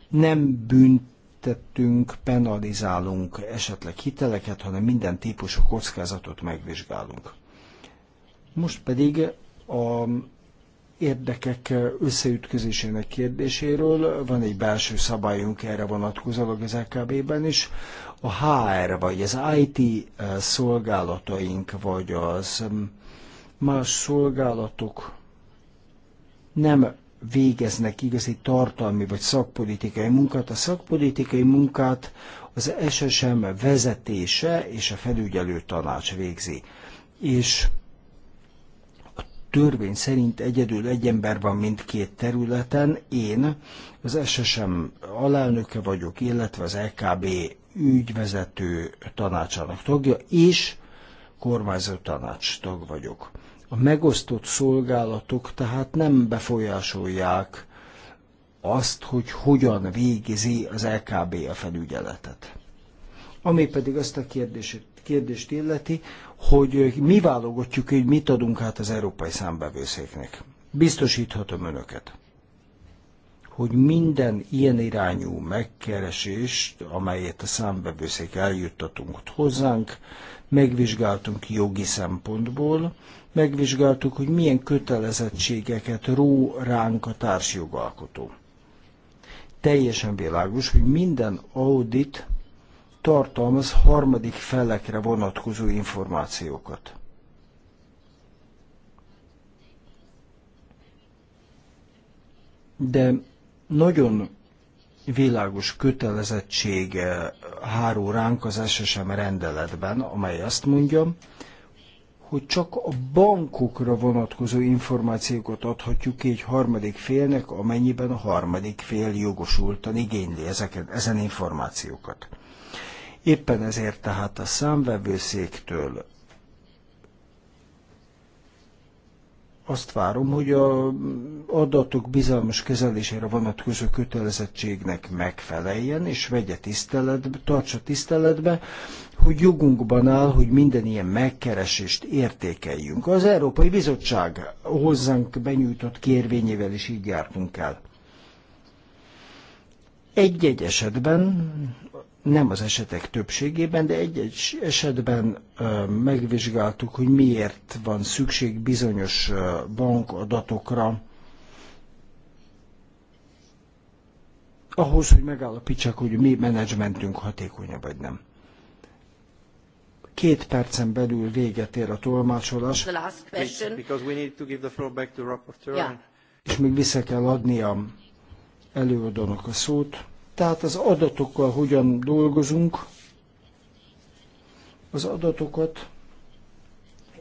nem büntetünk, penalizálunk esetleg hiteleket, hanem minden típusú kockázatot megvizsgálunk. Most pedig a érdekek összeütközésének kérdéséről. Van egy belső szabályunk erre vonatkozólag az LKB-ben is. A HR, vagy az IT eh, szolgálataink, vagy az mm, más szolgálatok nem végeznek igazi tartalmi vagy szakpolitikai munkát. A szakpolitikai munkát az SSM vezetése és a felügyelő tanács végzi. És a törvény szerint egyedül egy ember van mindkét területen, én az SSM alelnöke vagyok, illetve az LKB ügyvezető tanácsának tagja, és kormányzó tanács tag vagyok. A megosztott szolgálatok tehát nem befolyásolják azt, hogy hogyan végzi az LKB a felügyeletet. Ami pedig azt a kérdést, kérdést illeti, hogy mi válogatjuk, hogy mit adunk át az Európai Számbevőszéknek. Biztosíthatom önöket, hogy minden ilyen irányú megkeresést, amelyet a számbevőszék eljuttatunk hozzánk, megvizsgáltunk jogi szempontból, megvizsgáltuk, hogy milyen kötelezettségeket ró ránk a társjogalkotó. Teljesen világos, hogy minden audit tartalmaz harmadik felekre vonatkozó információkat. De nagyon világos kötelezettség eh, háró ránk az SSM rendeletben, amely azt mondja, hogy csak a bankokra vonatkozó információkat adhatjuk ki egy harmadik félnek, amennyiben a harmadik fél jogosultan igényli ezeket, ezen információkat. Éppen ezért tehát a számvevőszéktől azt várom, hogy a adatok bizalmas kezelésére vonatkozó kötelezettségnek megfeleljen, és vegye tiszteletbe, tartsa tiszteletbe, hogy jogunkban áll, hogy minden ilyen megkeresést értékeljünk. Az Európai Bizottság hozzánk benyújtott kérvényével is így jártunk el. Egy-egy esetben nem az esetek többségében, de egy-egy esetben megvizsgáltuk, hogy miért van szükség bizonyos bankadatokra, ahhoz, hogy megállapítsák, hogy mi menedzsmentünk hatékonyabb vagy nem. Két percen belül véget ér a tolmácsolás. És még vissza kell adni a előadónak a szót. Tehát az adatokkal hogyan dolgozunk, az adatokat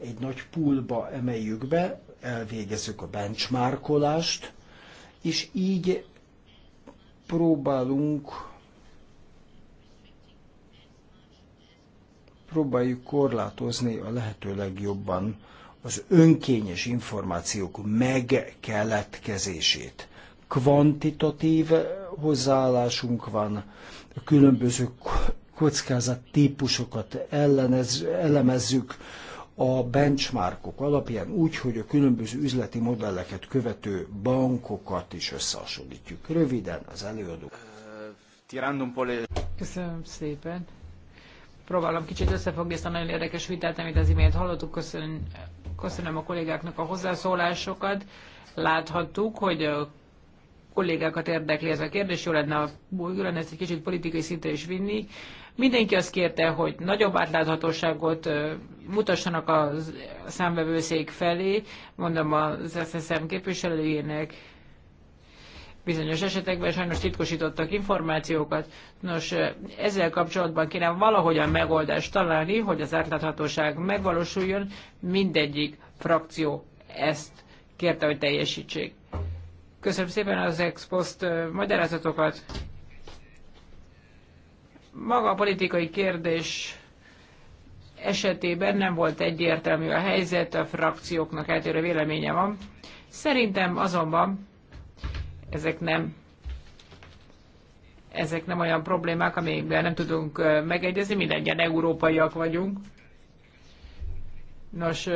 egy nagy poolba emeljük be, elvégezzük a benchmarkolást, és így próbálunk próbáljuk korlátozni a lehető legjobban az önkényes információk megkeletkezését kvantitatív hozzáállásunk van, a különböző kockázat típusokat ellenez, elemezzük a benchmarkok alapján úgy, hogy a különböző üzleti modelleket követő bankokat is összehasonlítjuk. Röviden az előadó. Köszönöm szépen. Próbálom kicsit összefogni ezt a nagyon érdekes vitát, amit az imént hallottuk. Köszön, köszönöm a kollégáknak a hozzászólásokat. Láthattuk, hogy a kollégákat érdekli ez a kérdés, jó lenne, jó lenne ezt egy kicsit politikai szintre is vinni. Mindenki azt kérte, hogy nagyobb átláthatóságot mutassanak a számvevőszék felé, mondom az SSM képviselőjének, bizonyos esetekben sajnos titkosítottak információkat. Nos, ezzel kapcsolatban kéne valahogyan megoldást találni, hogy az átláthatóság megvalósuljon. Mindegyik frakció ezt kérte, hogy teljesítsék. Köszönöm szépen az ex post magyarázatokat. Maga a politikai kérdés esetében nem volt egyértelmű a helyzet, a frakcióknak eltérő véleménye van. Szerintem azonban ezek nem ezek nem olyan problémák, amikben nem tudunk megegyezni, mindegyen európaiak vagyunk. Nos,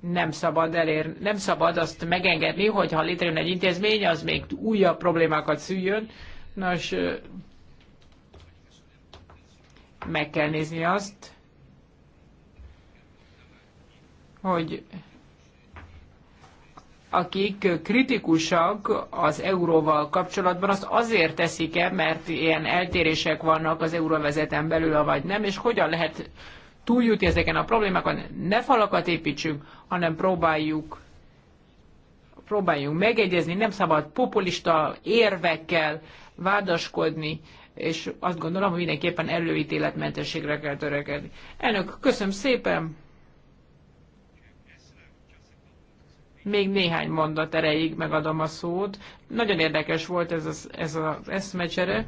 nem szabad elér, nem szabad azt megengedni, hogy ha létrejön egy intézmény, az még újabb problémákat szüljön. Nos, meg kell nézni azt, hogy akik kritikusak az euróval kapcsolatban, azt azért teszik-e, mert ilyen eltérések vannak az euróvezeten belül, vagy nem, és hogyan lehet túljutni ezeken a problémákon, ne falakat építsünk, hanem próbáljuk próbáljunk megegyezni, nem szabad populista érvekkel vádaskodni, és azt gondolom, hogy mindenképpen előítéletmentességre kell törekedni. Elnök, köszönöm szépen! Még néhány mondat erejéig megadom a szót. Nagyon érdekes volt ez az, ez az eszmecsere.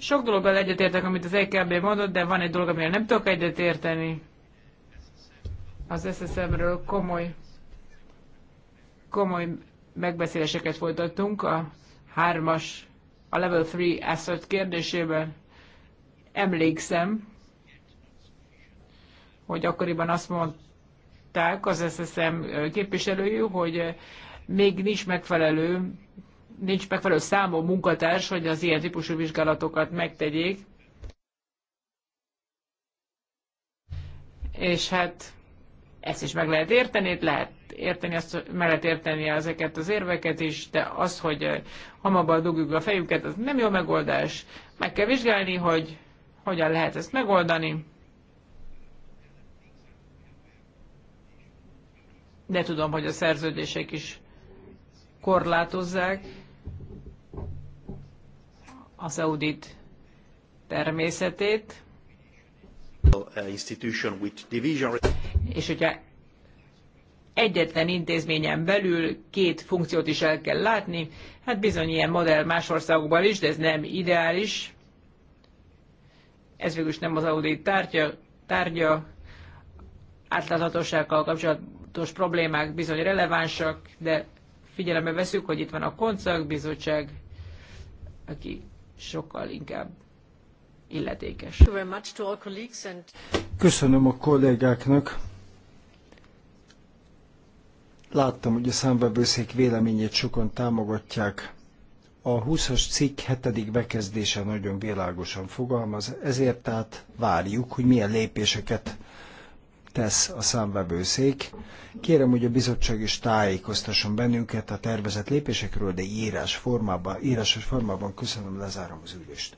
Sok dologgal egyetértek, amit az EKB mondott, de van egy dolog, amivel nem tudok egyetérteni. Az SSM-ről komoly, komoly megbeszéléseket folytattunk a hármas, a level 3 asset kérdésében. Emlékszem, hogy akkoriban azt mondták az SSM képviselői, hogy még nincs megfelelő nincs megfelelő számú munkatárs, hogy az ilyen típusú vizsgálatokat megtegyék. És hát ezt is meg lehet érteni, lehet érteni, azt, meg lehet érteni ezeket az érveket is, de az, hogy eh, hamabban dugjuk a fejüket, az nem jó megoldás. Meg kell vizsgálni, hogy hogyan lehet ezt megoldani. De tudom, hogy a szerződések is korlátozzák az audit természetét, és hogyha egyetlen intézményen belül két funkciót is el kell látni, hát bizony ilyen modell más országokban is, de ez nem ideális. Ez végül is nem az audit tárgya, tárgya. átláthatósággal kapcsolatos problémák bizony relevánsak, de figyelembe veszük, hogy itt van a koncak bizottság, aki sokkal inkább illetékes. Köszönöm a kollégáknak. Láttam, hogy a számvevőszék véleményét sokan támogatják. A 20-as cikk hetedik bekezdése nagyon világosan fogalmaz, ezért tehát várjuk, hogy milyen lépéseket tesz a számvevőszék. Kérem, hogy a bizottság is tájékoztasson bennünket a tervezett lépésekről, de írás formában, írásos formában köszönöm, lezárom az ülést.